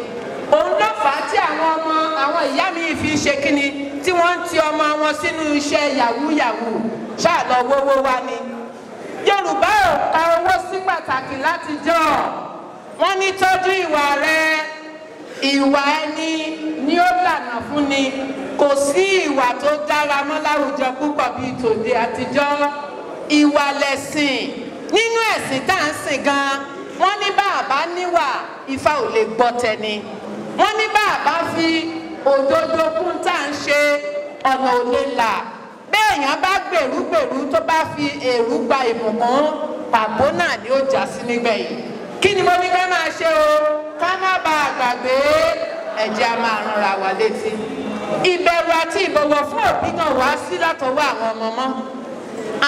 òun ló fà á tí àwọn ọmọ àwọn ìyá mi fi ṣe kíni tí wọ́n ń ti ọmọ wọn sínú iṣẹ́ yahoo yahoo ṣáà lọ wọ́wọ́ wá ni yorùbá ò ka owó sí pàtàkì láti jọ wọ́n ní tọ́jú ìwà rẹ ìwà ẹni ni ó lànà fún ni kò sí ìwà tó dára mọ́ láwùjọ púpọ̀ bíi tòde àtijọ́ ìwà lẹ̀sìn nínú ẹ̀sìn tá à ń sìn gan wọ́n ní bàbá níwà Ifá ò lè gbọ́ tẹni wọ́n ní bàbá fi òdodo kún tá à ń ṣe ọ̀nà òlé là béèyàn bá gbèrúgbèrú tó bá fi èrú gba ìmọ̀mọ́ pàbó náà ni ó já sí níbẹ̀ yìí kí ni mo ní ká máa ṣe o ká má bàa gbàgbé ẹ̀jẹ̀ a máa ranra wà létí ìbẹ̀rù àti ìbọ̀wọ̀ fún òbí náà wá sí látọwọ́ àwọn ọmọ mọ́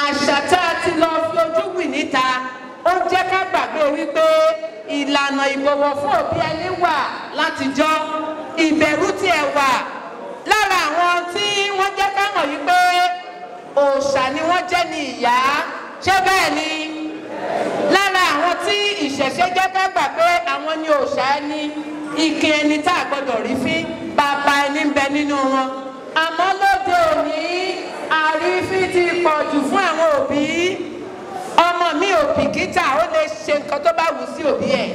àṣà tá a ti lọ fi ojú wì níta ó jẹ́ ká gbàgbé wípé ìlànà ìbọ̀wọ̀ fún òbí ẹni wà látijọ́ ìbẹ̀rù tiẹ̀ wà lára àwọn tí wọ́n jẹ́ ká mọ̀ wípé òòṣà ni wọ́n jẹ́ ní ìyá ṣé bẹ́ẹ̀ ni lára àwọn tí ìṣẹ̀ṣe jẹ́ ká gbà pé àwọn ni òòṣà ẹni ìkin ẹni tá a gbọ́dọ̀ rí fín bàbá ẹni ń bẹ nínú wọn àmọ́ lóde òní àrífín ti pọ̀ jù fún àwọn òbí ọmọ mi ò bìkítà ó lè ṣe nǹkan tó bá wù sí òbí ẹ̀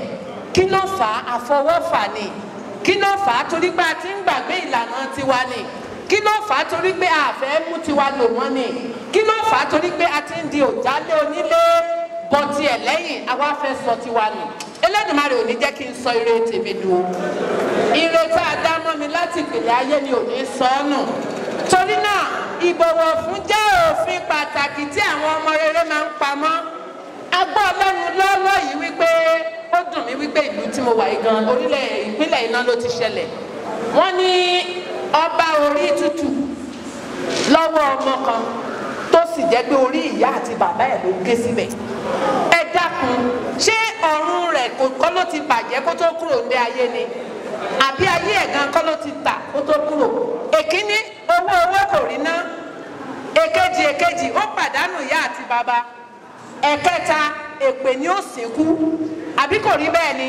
kí ló fà á àfọwọ́fà ni kí ló fà á torí pé a ti ń gbàgbé ìlànà tiwa ni kí ló fà á torí pé a fẹ́ mú tiwa lò wọ́n ni kí ló fà á torí pé a ti ń di òjálé onílé bọ́ tiẹ̀ lẹ́yìn àwa fẹ́ sọ tiwa ni Elédùmarè ò ní jẹ́ kí n sọ ire tèmi nù o ire mi láti ìpìlẹ̀ ayé ni ò ní sọ ọ́ nù torí náà ìbọ̀wọ̀ fún jẹ́ òfin pàtàkì tí àwọn ọmọ rere máa ń pamọ́ a gbọ́ lẹ́nu lọ́wọ́ yìí wípé ó dùn mí wípé ìlú tí mo wà yìí gan orílẹ̀ ìpínlẹ̀ iná ló ti ṣẹlẹ̀ wọ́n ní ọba orí tútù lọ́wọ́ ọmọ kan tó sì jẹ́ pé orí ìyá àti bàbá ẹ̀ ló gé síbẹ̀ ẹ dákun ṣé ọ̀run rẹ̀ kọ́ ló ti bàjẹ́ kó tó kúrò ní ayé ni àbí ayé ẹ̀ gan kọ́ ló ti tà kó tó kúrò èkíní owó owó kò rí ná èkejì èkejì ó pàdánù ìyá àti bàbá ẹ̀kẹta èpè ni ó sìnkú àbí kò rí bẹ́ẹ̀ ni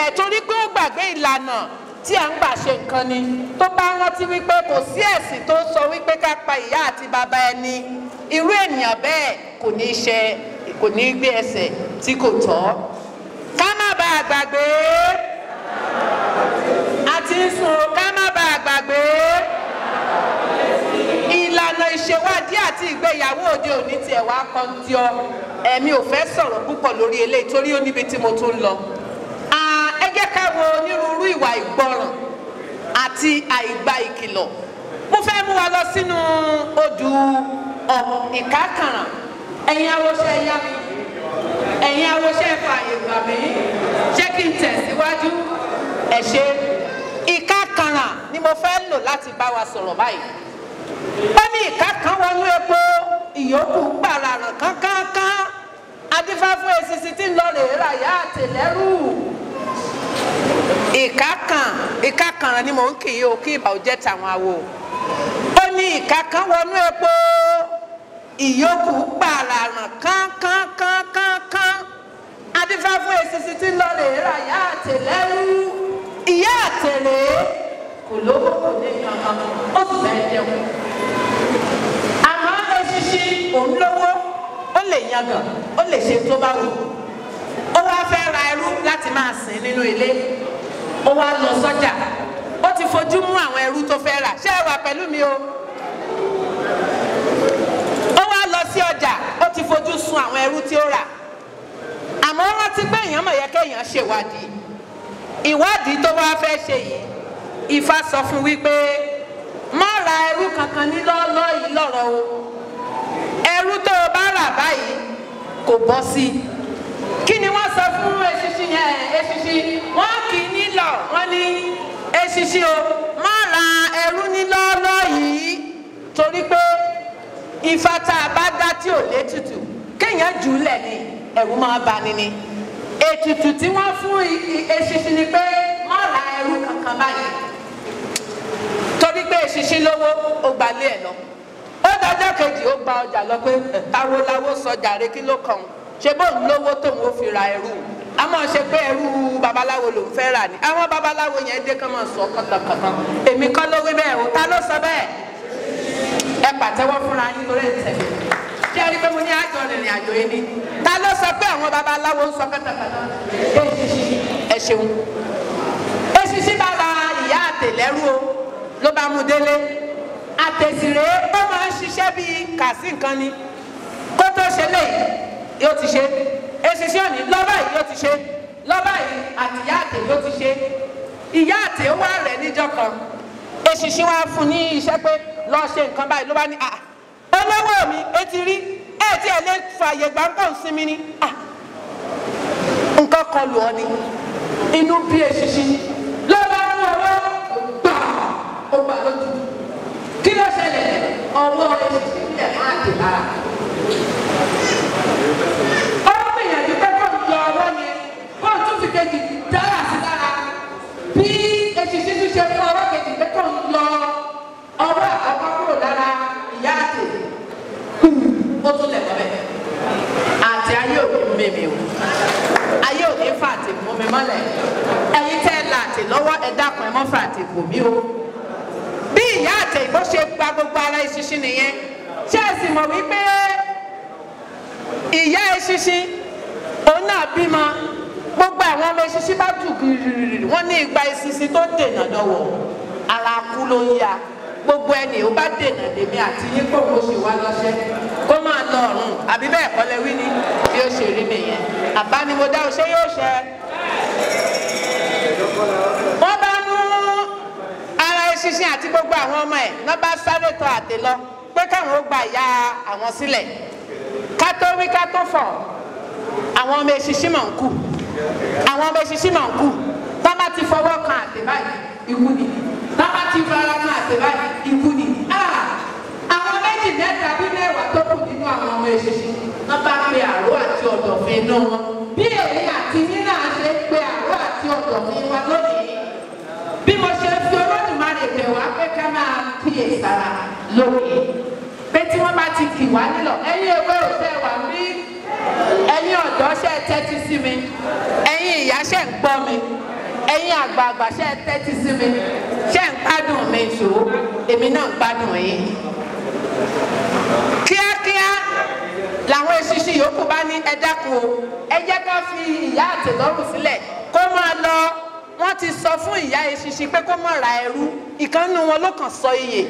ẹ̀ torí pé ó gbàgbé ìlànà tí à ń gbà ṣe nǹkan ni tó bá rántí wípé kò sí ẹ̀sìn tó sọ wípé ká pa ìyá àti bàbá ẹni irú ènìyàn bẹ́ẹ̀ kò ní ṣe kò ní gbé ẹsẹ̀ tí kò tọ́ ká má bàa gbàgbé àti sùn ká má bàa gbàgbé ìlànà ìṣèwádìí àti ìgbéyàwó òde òní tiẹ̀ wá kan tí ọ ẹ̀mí ò fẹ́ sọ̀rọ̀ púpọ̀ lórí eléyìí torí ó níbi tí mo tún lọ ẹ jẹ́ ká wo onírúurú ìwà ìgbọràn àti àìgbà ìkìlọ̀ mo fẹ́ mú wa lọ sínú odù ìkákàràn ẹ̀yin awọ́ṣẹ́ ẹ̀yá mi ẹ̀yin awọ́ṣẹ́ ẹ̀fà ìgbà mi jẹ́ kí n tẹ̀síwájú ẹ ṣe ìka kàrà ni mo fẹ́ lò láti bá wa sọ̀rọ̀ báyìí ó ní ìka kan wọnú epo ìyókù gbàràràn kánkánká adífá esisi tí ń lọ rèé ràyà àtẹlẹ́rù ìka kan ìka kan ni mò ń kì í o kí ìbà ò jẹ́ tàwọn awo ó ní ìka kan wọnú epo ìyókù gbàràràn kánkánkánkán adífá fún esisi tí ń lọ rèé ràyà àtẹlẹ́rù ìyá àtẹ̀lé kò lówó kò ní kankan ó sì fẹ́ jẹun àmọ́ eṣinṣin òun lówó ó lè yangàn ó lè ṣe tó bá wù ó wá fẹ́ ra ẹrú láti máa sìn nínú ilé ó wá lọ sọ́jà ó ti fojú mú àwọn ẹrú tó fẹ́ rà ṣé ẹ wà pẹ̀lú mi o ó wá lọ sí ọjà ó ti fojú sun àwọn ẹrú tí ó rà àmọ́ rántí pé èèyàn mọ̀ yẹ kéèyàn ṣèwádìí ìwádìí tó wá fẹ́ ṣe yìí Ifá sọ fún wípé má ra ẹrú kankan nílọ́ọ̀lọ́ yìí lọ́rọ̀ o ẹrú tó o bá rà báyìí kò bọ́ sí i kí ni wọ́n sọ fún eṣinṣin yẹn eṣinṣin wọ́n kì í nílọ wọ́n ní eṣinṣin o má ra ẹrú nílọ́ọ̀lọ́ yìí torí pé Ifá tá a bá dá tí ò létùtù kéèyàn jù ú lẹ̀ ni ẹ̀rú máa bani ni ètùtù tí wọ́n fún eṣinṣin ni pé má ra ẹrú kankan báyìí torí pé eṣinṣin lówó ó gbalé ẹ̀ lọ ó dọjọ́ kejì ó gba ọjà lọ pé tawolawo sọjà rẹ kí ló kàn ṣe bóun lówó tóun ó fi ra ẹrú a máa ṣe pé ẹrú babaláwo ló ń fẹ́ rà ní àwọn babaláwo yẹn dé kán máa sọ kọ̀tàkọ̀tàn èmi kọ́ ló wí bẹ́ẹ̀ o ta ló sọ bẹ́ẹ̀ ẹ pàtẹ́wọ́ fúnra yín lórí ìtẹ̀wé torí pé mo ní àjọ rìnrìn àjò yìí ni ta ló sọ pé àwọn babaláwo ń sọ kẹtàkẹtà ẹ ṣeun eṣiṣi bàbá ìyá àtẹlẹrú o ló bá mú délé àtẹsìrè ó máa ń ṣiṣẹ́ bíi kàsí nǹkan ni kó tó ṣe léyìí yóò ti ṣe eṣiṣi òní lọ́ba yìí yóò ti ṣe lọ́ba yìí àtìyá àtẹ yóò ti ṣe ìyá àtẹ wà rẹ̀ níjọ́ kan eṣiṣi wá fún ní iṣẹ́ pé lọ́ọ́ ṣe nǹkan báyìí ló bá ní à olówó mi etí rí ẹ tí ẹ lè fààyè gbàǹkà òsinmi ni nǹkan kọlù ọ ni inú bí eṣiṣi lọ́ba ní ọwọ́ gbà ó gbà lójú kí ló ṣẹlẹ̀ ọwọ́ eṣiṣi ní ẹ̀ máa dì lára. ó gbìyànjú pé kó lọ ọwọ́ yẹn kó tún fi kejì mí mi o ayé ò ní fà tì mú mi mọ́lẹ̀ ẹ̀yin tẹ́ ẹ làtì lọ́wọ́ ẹ dákun ẹ mọ́ fà tì bò mí o bí ìyá àtẹ ìbò ṣe gba gbogbo ara eṣinṣin nìyẹn ṣé ẹ sì mọ̀ wípé ìyá eṣinṣin òun náà bímọ gbogbo àwọn ọmọ eṣinṣin bá tù gírírí wọn ní ìgbà eṣinṣin tó dènà dọwọ́ ara ló ń ya gbogbo ẹni ò bá dènà dèmi àti yín kò kó ṣe wá lọ́ṣẹ́ kó máa lọ ọ̀run àbí bẹ́ẹ̀ kọ́ lẹ wí ni bí ó ṣe rí nìyẹn àbá ni mo dáhùn ṣé yóò ṣe. wọ́n bá mú ara eṣinṣin àti gbogbo àwọn ọmọ ẹ̀ lọ́ bá sáré tọ àtẹ lọ pé káwọn ó gba ìyá àwọn sílẹ̀ ká tó wí ká tó fọ̀ àwọn ọmọ eṣinṣin mọ̀ ń kú àwọn ọmọ eṣinṣin mọ̀ ń kú tọ́ bá ti fọwọ́ kan àtẹ báyìí ikú ni tọ́ bá ti fara kan àtẹ báyìí. àwọn ọmọ eṣinṣin wọ́n bá pe àrò àti ọ̀dọ̀fin inú wọn bí èyí àti nínà ṣe pe àrò àti ọ̀dọ̀fin wa lónìí bí mo ṣe fi Olódùmarè bẹ̀ wá pé ká máa kíyè sára lónìí pé tí wọ́n bá ti kì wá nílọ̀ ẹ̀yin ewé òṣè wà mí ẹ̀yin ọ̀dọ́ ṣe tẹ́tí sí mi ẹ̀yin ìyá ṣe ń gbọ́ mi ẹ̀yin àgbààgbà ṣe tẹ́tí sí mi ṣe ń gbádùn mi ṣòwò èmi náà gbádùn yín làwọn eṣinṣin yòókù bá ní ẹ dákun o ẹ jẹ́ ká fi ìyá àtẹ̀lọ́rùn sílẹ̀ kó máa lọ wọ́n ti sọ fún ìyá eṣinṣin pé kó má ra ẹrú ìkànnì wọn ló kàn sọ iye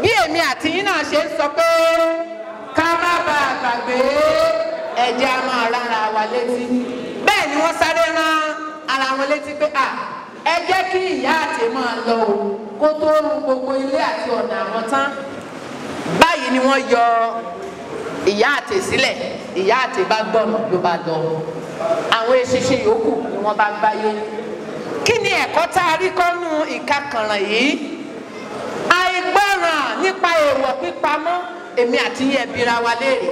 bí èmi àti yín náà ṣe ń sọ pé ká má ba àgbàgbé ẹ̀jẹ̀ a máa rárá wa létí bẹ́ẹ̀ ni wọ́n sáré rán ara wọn létí pé à ẹ jẹ́ kí ìyá àti máa lọ o kó tó run gbogbo ilé àti ọ̀nà àwọn tán báyìí ni wọ́n yọ ìyá àti sílẹ̀ ìyá àti bá gbọ́nà ló bá lọ àwọn eṣinṣin yòókù ni wọ́n bá gbáyé kí ni ẹ̀kọ́ tá a rí kọ́nù ìkakànràn yìí àìgbọ́ràn nípa èèwọ̀ pípamọ́ èmi àti yẹn bira wa léèrè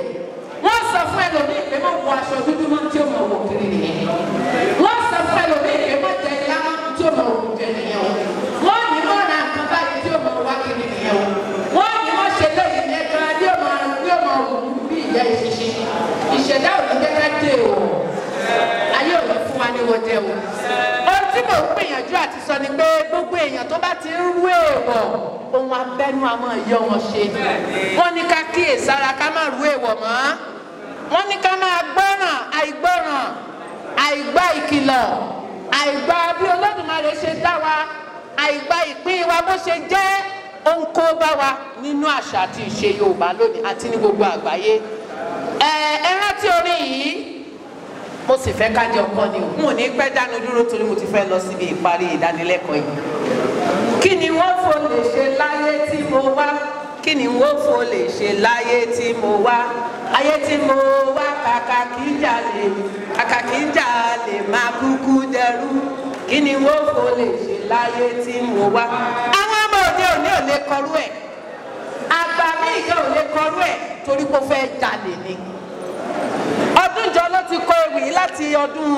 wọ́n sọ fún ẹlòmíì pé mo wọ aṣọ dúdú mọ́ tí ó mọ̀ wọ̀ jẹ́ ìṣiṣi ìṣẹ̀dá ò ní jẹ́ ká dé o ayé ò ní fún wa ní wọ́n jẹ́ o. ohun tí mò ń gbìyànjú àti sọ ni pé gbogbo èèyàn tó bá ti ń rú èèwọ̀ ohun abẹ́nú àmọ́ ìyá wọn ṣe wọ́n ní ká kíyèsára ká má rú èèwọ̀ mọ́ wọ́n ní ká máa gbọ́ràn àìgbọ́ràn àìgbá ìkìlọ̀ àìgbá bí Olódùmarè ṣe dá wa àìgbá ìpín wa bó ṣe jẹ́ ó kó bá wa nínú àṣà àti ìṣe Yorùbá lónìí àti ní gbogbo àgbáyé ẹ ẹ orin yìí mo sì fẹ́ ká jọ kọ́ ni o n ò ní pẹ́ dánu dúró torí mo ti fẹ́ lọ síbi ìparí ìdánilẹ́kọ̀ọ́ yìí kí ni wọ́n fò lè ṣe láyé tí mo wá kí ni wọ́n fò lè ṣe láyé tí mo wá ayé tí mo wá kàkà kí n jalè kàkà kí n jalè má kúkú dẹrú kí ni wọ́n fò lè ṣe láyé tí mo wá àwọn ọmọ òde òní ò lè kọrú ẹ̀ àgbà míì gan ò lè kọrú ẹ̀ torí kó fẹ́ jalè ni ọdúnjọ ló ti kọ ewì láti ọdún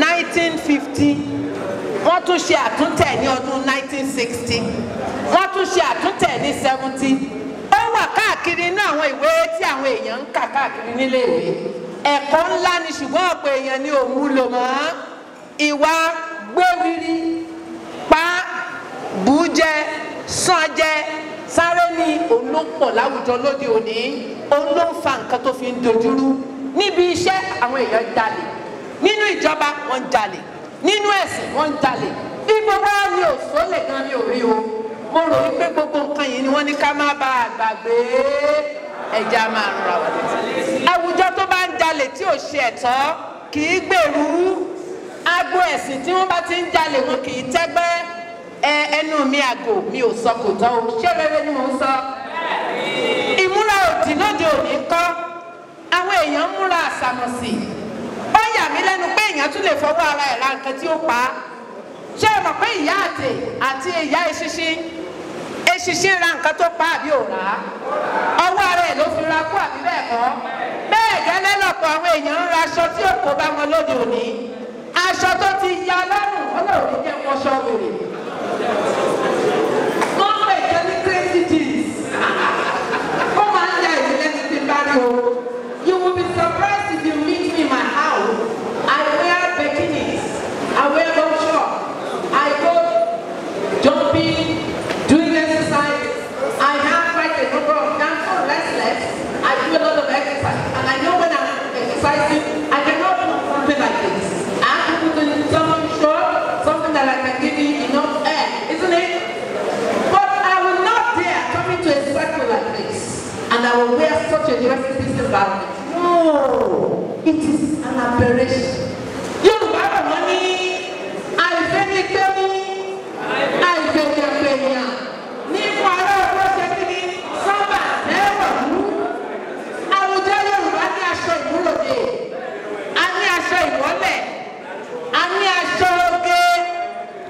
1950 wọ́n tún ṣe àtúntẹ̀ ní ọdún 1960 wọ́n tún ṣe àtúntẹ̀ ní 70 ó wà káàkiri inú àwọn ìwé tí àwọn èèyàn ń kà káàkiri níléèwé ẹ̀kọ́ ńlá ni ṣùgbọ́n ọ̀pọ̀ èèyàn ni òun lò mọ́ ìwà gbéwìrì pa bùújẹ sanjẹ sáré ni òun ló pọ̀ láwùjọ lóde òní òun ló ń fa nǹkan tó fi ń dojúrú níbi iṣẹ́ àwọn èèyàn jalè nínú ìjọba wọ́n jalè nínú ẹ̀sìn wọ́n jalè ibo wá mi ò sólè gan mi ò rí o mo rò wí pé gbogbo nǹkan yìí ni wọ́n ní ká má ba àgbàgbé ẹja máa ra wà létí àwùjọ tó bá ń jalè tí ò ṣe ẹ̀tọ́ kì í gbèrú agbo ẹ̀sìn tí wọ́n bá ti ń jalè wọn kì í tẹ́gbẹ́ ẹnu mi àgò mi ò sọ kò tán o ṣé rere ni mò ń sọ. ìmúra òdì lóde òní kọ́ àwọn èèyàn ń múra àsàmọ̀sì ó yà mí lẹ́nu pé èèyàn tún lè fọwọ́ ara ẹ̀ ra nǹkan tí ó pa á ṣé ẹ mọ̀ pé ìyá àtè àti ìyá eṣinṣin eṣinṣin ra nǹkan tó pa àbí ò rà á ọwọ́ ara ẹ̀ ló fi ra kú àbí bẹ́ẹ̀ kọ́ bẹ́ẹ̀ gẹ́lẹ́ lọ́pọ̀ àwọn èèyàn ń ra aṣọ tí ó kó bá wọn lóde òní aṣọ tó ti ya lọ́rùn ọlọ́run ní jẹ́ wọ́n Oh. You will be surprised. will wear such a university silver. No, it is an aberration. You rẹ̀ wọ́n ní àìsẹ́ ní pẹ́mú, àìsẹ́ ní àpẹ̀yà. Ní fún ará ọ̀rọ̀ ṣe kí ni sábà lẹ́rọ̀ mú. Àwùjọ Yorùbá ní aṣọ ìmúròde, a ní aṣọ a ní aṣọ oge.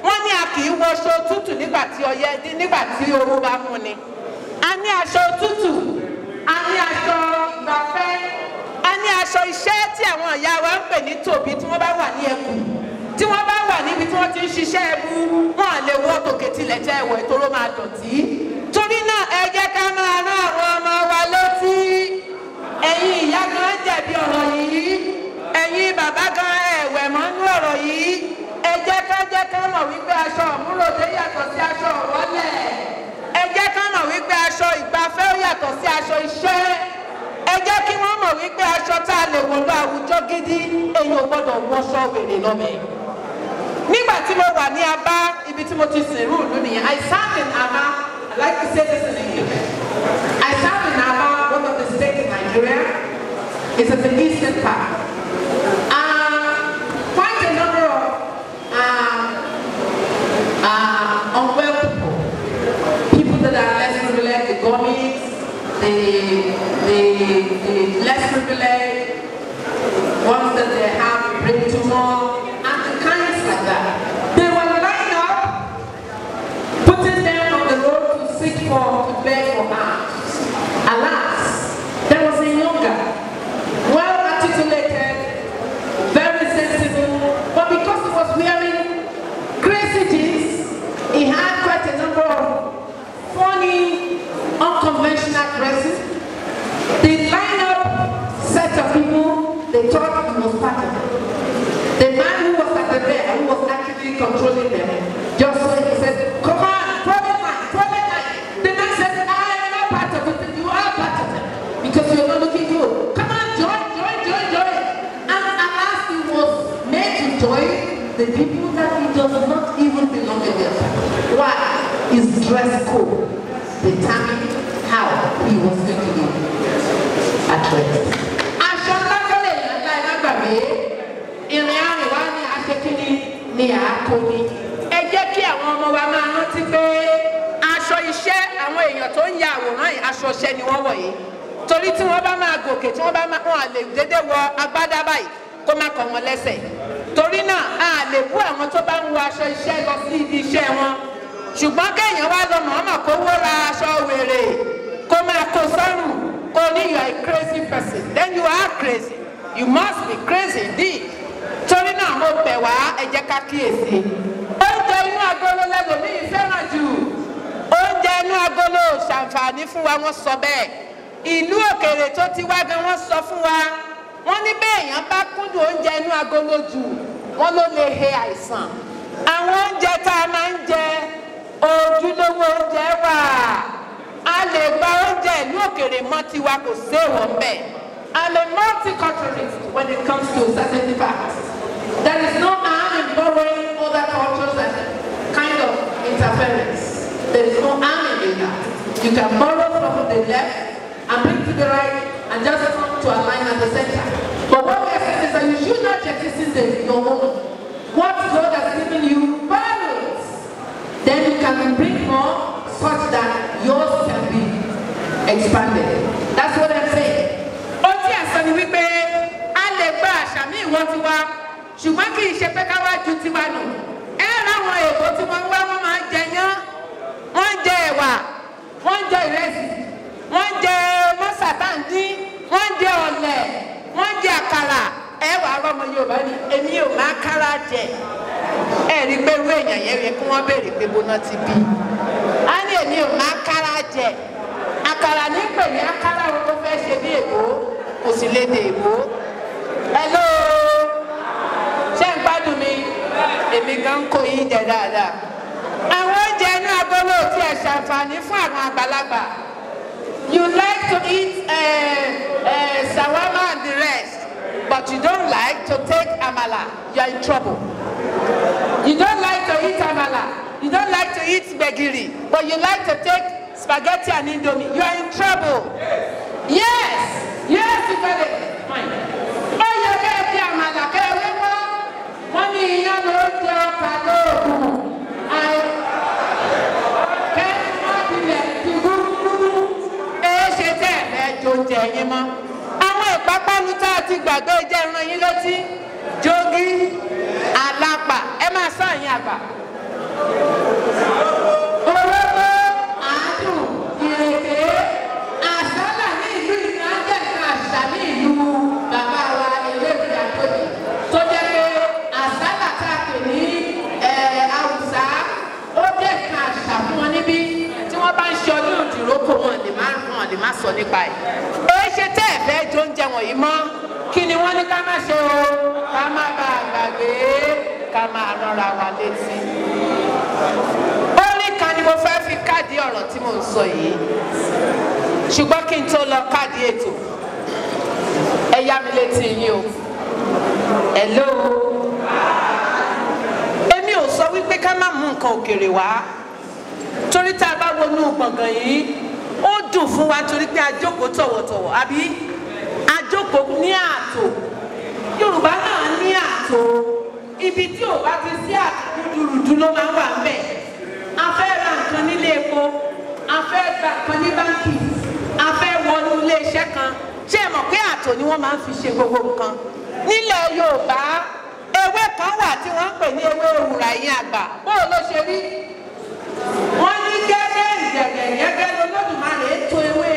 Wọ́n ní a kì í wọṣọ tútù nígbà tí ọyẹ́ nígbà tí ooru bá mú ni. A ní aṣọ tútù ní aṣọ gbàfẹ́ a ní aṣọ iṣẹ́ tí àwọn ìyá wa ń pè ní tòbí tí wọ́n bá wà ní ẹkù tí wọ́n bá wà níbi tí wọ́n ti ń ṣiṣẹ́ ẹbú wọn lè wọ́ tòkè tilẹ̀ jẹ́ ẹ̀wọ̀ ìtòró máa dọ̀tí torí náà ẹ jẹ́ ká máa rán àwọn ọmọ wa létí ẹ̀yin ìyá gan jẹ̀bi ọ̀rọ̀ yìí ẹ̀yin bàbá gan ẹ̀wẹ̀ mọ́ nú ọ̀rọ̀ yìí ẹ jẹ́ ká jẹ́ ká mọ̀ wípé aṣọ òmúròdé yàtọ̀ sí aṣọ òwọ́lẹ̀ ẹ jẹ́ mọ̀ wípé aṣọ ìgbafẹ́ ó yàtọ̀ sí aṣọ iṣẹ́ ẹ kí wọ́n mọ̀ wípé aṣọ tá a lè wọ̀ lọ àwùjọ gidi èyí ò gbọ́dọ̀ wọṣọ wèrè lọ́mẹ́ nígbà tí mo wà ní Aba ibi tí mo ti sìnrú ìlú nìyẹn I served in Aba I like to say this in English I served in Aba one of the states in Nigeria it's in the eastern part. the, the less privileged, ones that they have bring to more controlling them. Just so he said, come on, prophet man, prophet man. The man says, I am not part of it, you are part of it. Because you're not looking good. Come on, join, join, join, join. And alas, he was made to join the people that he does not even belong in their family. Why? His dress code. aṣọ iṣẹ́ ni wọ́n wọ̀nyí torí tí wọ́n bá máa gòkè tí wọ́n bá máa wọn à dédé wọ agbádá báyìí kó má kọ wọn lẹ́sẹ̀ torí náà a lè bú àwọn tó bá ń wọ aṣọ iṣẹ́ lọ sí ibi iṣẹ́ wọn ṣùgbọ́n kéèyàn wá lọ mọ̀ọ́mọ̀ kó wó ra aṣọ wèrè kó máa kó sọ́rùn kó ní you are a crazy person then you are crazy you must be crazy indeed torí náà mo bẹ̀ wá ẹ ká kíyèsí oúnjẹ inú agolo lẹ́lòmíì fẹ́ràn jù ẹnu agolo ṣàǹfààní fún wa wọ́n sọ bẹ́ẹ̀ ìlú òkèrè tó ti wá gan wọ́n sọ fún wa wọ́n ní béèyàn bá kúndùn oúnjẹ ẹnu agolo jù wọ́n ló lè he àìsàn àwọn oúnjẹ tá a máa ń jẹ ojúlówó oúnjẹ wà a lè gba oúnjẹ ìlú òkèrè mọ́ tiwa kò séèwọ̀ mbẹ́ I'm a multiculturalist when it comes to certain facts. There is no harm in borrowing other cultures and kind of interference. there is no harm in that. You can borrow from the left and bring to the right and just come to align at the center. But what we are saying is that you should not jettison the, your own. What God has given you, borrow Then you can bring more such that yours can be expanded. That's what I'm saying. Ó and àsọ ni wípé a lè gba àṣà ní ìwọ tiwa ṣùgbọ́n í ṣe pé ká wá ju tiwa Ẹ ráwọn èèbó tí wọ́n ń wá wọ́n máa jẹyán. wọ́n jẹ ẹ̀wà wọ́n jẹ ìrẹsì wọ́n jẹ wọ́n jẹ ọ̀lẹ̀ wọ́n jẹ àkàrà ẹ̀wà ọmọ Yorùbá ni èmi ò kára jẹ ẹ rí pé irú èèyàn yẹn yẹ kí wọ́n béèrè ti bí èmi ò kára jẹ àkàrà ní pè ní àkàrà ṣe bí kò sì lè dè èmi gan kò yí jẹ àwọn oúnjẹ inú agolo tí ẹ ṣàǹfààní fún àwọn àgbàlagbà you like to eat uh, eh, uh, eh, sawama and the rest but you don't like to take amala you are in trouble you don't like to eat amala you don't like to eat gbegiri but you like to take spaghetti and indomie you are in trouble yes yes, yes you got it fine. ó yẹ kẹ́ ẹ fi àmàlà kẹ́ ẹ wé mọ́ wọ́n ní ìyá ló ń lóògùn oúnjẹ yín mọ́. àwọn ìpápánu tá a ti gbàgbé jẹ́ ìran yín létí jogi alapa ẹ máa sọ àyín àgbà. kàn lè má sọ nípa ẹ̀. ó ṣe tẹ́ ẹ̀ fẹ́ jó ń wọ̀nyí mọ́ kí ni wọ́n ní ká má ṣe o ká má bá a gbàgbé ká máa rọra wa létí. ó ní kan ni mo fẹ́ fi káàdì ọ̀rọ̀ tí mò ń sọ yìí ṣùgbọ́n kí n tó lọ káàdì ètò ẹ yá mi létí yín o hello èmi ò sọ wípé ká má mú nǹkan òkèèrè wá torí tá a bá wọnú gbọ̀ngàn yìí dùn fún wa torí pé a jókòó tọ̀wọ̀tọ̀wọ̀ àbí a jókòó ní ààtò Yorùbá náà ní ààtò ibi tí ò bá ti sí àdúrúdú ló máa wà ń bẹ̀ a fẹ́ ra nǹkan nílé epo a fẹ́ gba nǹkan ní báńkì a fẹ́ wọnú iléeṣẹ́ kan ṣé ẹ mọ̀ pé ààtò ni wọ́n máa ń fi ṣe gbogbo nǹkan nílẹ̀ Yorùbá ewé kan wà tí wọ́n ń pè ní ewé òwúrà yín àgbà bóò ló ṣe rí yẹ̀gẹ̀yẹ̀gẹ̀ lọ́lọ́dúnmáre tó ewé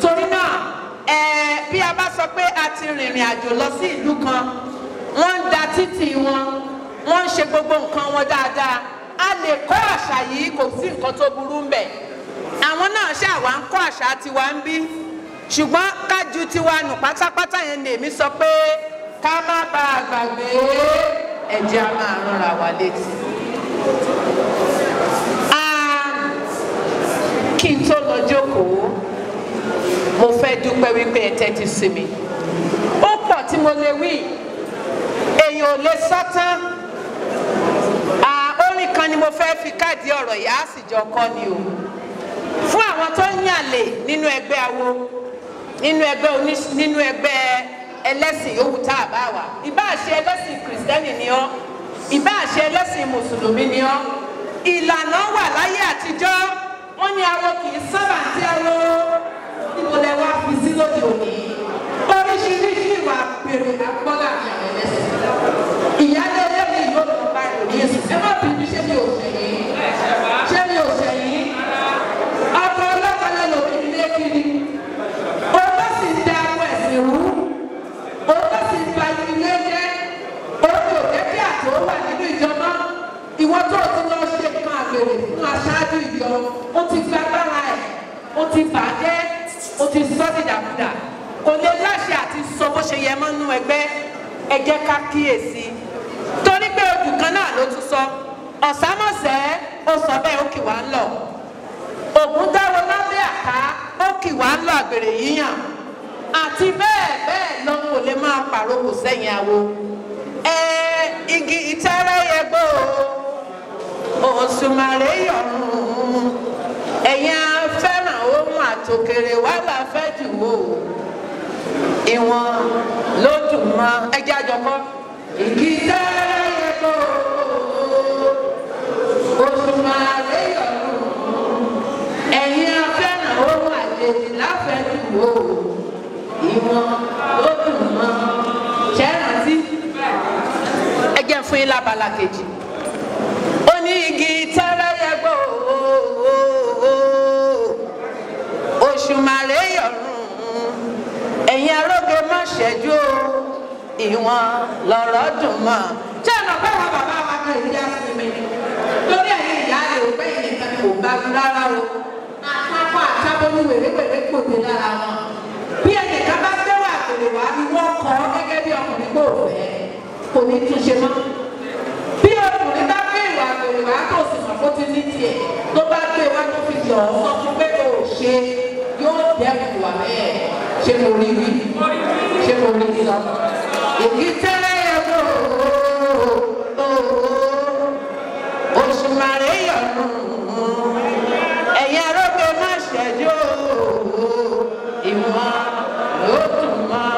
torí náà ẹ bí a bá sọ pé a ti rìnrìn àjò lọ sí ìlú kan wọ́n ń da títì wọn wọ́n ń ṣe gbogbo nǹkan wọn dáadáa a lè kọ́ àṣà yìí kò sí nǹkan tó burú ń bẹ̀ àwọn náà ṣàwà ń kọ́ àṣà tiwa ń bí ṣùgbọ́n kájú tiwa nù pátápátá yẹn ni èmi sọ pé ká má ba àgbàgbé ẹ̀jẹ̀ a máa rọra wà létí. kí n tó lọ jókòó mo fẹ́ dúpẹ́ wípé ẹ tẹ́tí sí mi ó pọ̀ tí mo lè wí èèyàn ò lè sátán orin kan ni mo fẹ́ fi káàdì ọ̀rọ̀ yá àsìjọ kọ́ ni o fún àwọn tó ń yànlè nínú ẹgbẹ́ awo nínú ẹgbẹ́ oní nínú ẹgbẹ́ ẹlẹ́sìn yòówù tá a bá wà ìbá àṣẹ ẹlẹ́sìn kìrìsìtẹ́nì ni ọ́ ìbá àṣẹ ẹlẹ́sìn mùsùlùmí ni ọ́ ìlànà wà láyé àtijọ́ wọ́n ní awo kì í sábà tí awo níbo lẹ wá fi sí lóde òní oríṣiríṣi ìwà pèrè àpọ́lá àyàwó ẹlẹ́sìn ìyá lé yóò tó bá ìròyìn ẹ má bínú. ìwọ tó ti lọ ṣe kan àgbèrè fún aṣáájú ìjọ ó ti gba agbára ẹ̀ ó ti bàjẹ́ ó ti sọ dìdàkudà kò lè láṣẹ àti sọ bó ṣe yẹ mọ́nú ẹgbẹ́ ẹ jẹ́ ká kíyèsí torí pé odù kan náà ló tún sọ ọ̀sámọ̀sẹ́ ó sọ bẹ́ẹ̀ ó kì wá ń lọ ògùn dáwọ lábẹ́ àká ó kì wá ń lọ àgbèrè yíyàn àti bẹ́ẹ̀ bẹ́ẹ̀ lọ kò lè máa pàrokò sẹ́yìn àwo ẹ igi ìtẹ́rẹ́ yẹ gbóò. òsùnmàrè yọ̀rùn afẹ́ràn ohun àtòkèrè wà láfẹ́ jù wò ìwọ̀n ló dùn mọ́ ẹjẹ́ àjọkọ́. láfẹ́ jù ìwọ̀n ló dùn mọ́ ẹ jẹ́ fún yín lábala kejì. Èdùmàrè yọ̀rùn ẹ̀yin aróge má ṣẹ́jú o ìwọ̀n lọ̀rọ̀ dùn mọ́. ṣé ọ̀nà pé wọn bàbá wa kan ìlú yára sí mi ni lórí ẹ̀yin ìyá rẹ̀ ò bẹ́yìn nìkan kò bá mi rárá o àtàkùn àtàbọ̀nù wèrèwèrè kò dé lára wọn. bí ẹnìkan bá fẹ́ wà àgbèrè wá ni wọ́n kọ́ gẹ́gẹ́ bí ọkùnrin kò fẹ́ kò ní tún ṣe mọ́. bí ọkùnrin bá fẹ́ ìwà àgbèrè wá tó sì mọ̀ fó ti ní tiẹ̀ tó bá gbé wá tó fi yọ̀ ọ́ sọ fún pé kò ṣe é dẹ́kun wà bẹ́ẹ̀ ṣé mo rí wí ṣé mo rí wí lọ. èyí tẹ́lẹ̀ yẹn lò ó oṣù màrè yọ̀nù ẹ̀yà rògbò má ṣẹ́jú ìmọ̀ ló tún mọ́.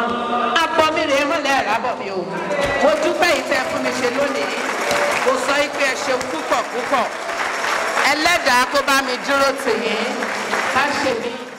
apọ́mìrè mọ́lẹ̀ rábọ̀ mi o mo dúpẹ́ ìtẹ́ fún mi ṣe lónìí mo sọ pé ẹ ṣeun púpọ̀ púpọ̀ ẹlẹ́dàá kó bá mi dúró tì yín ká ṣe mí.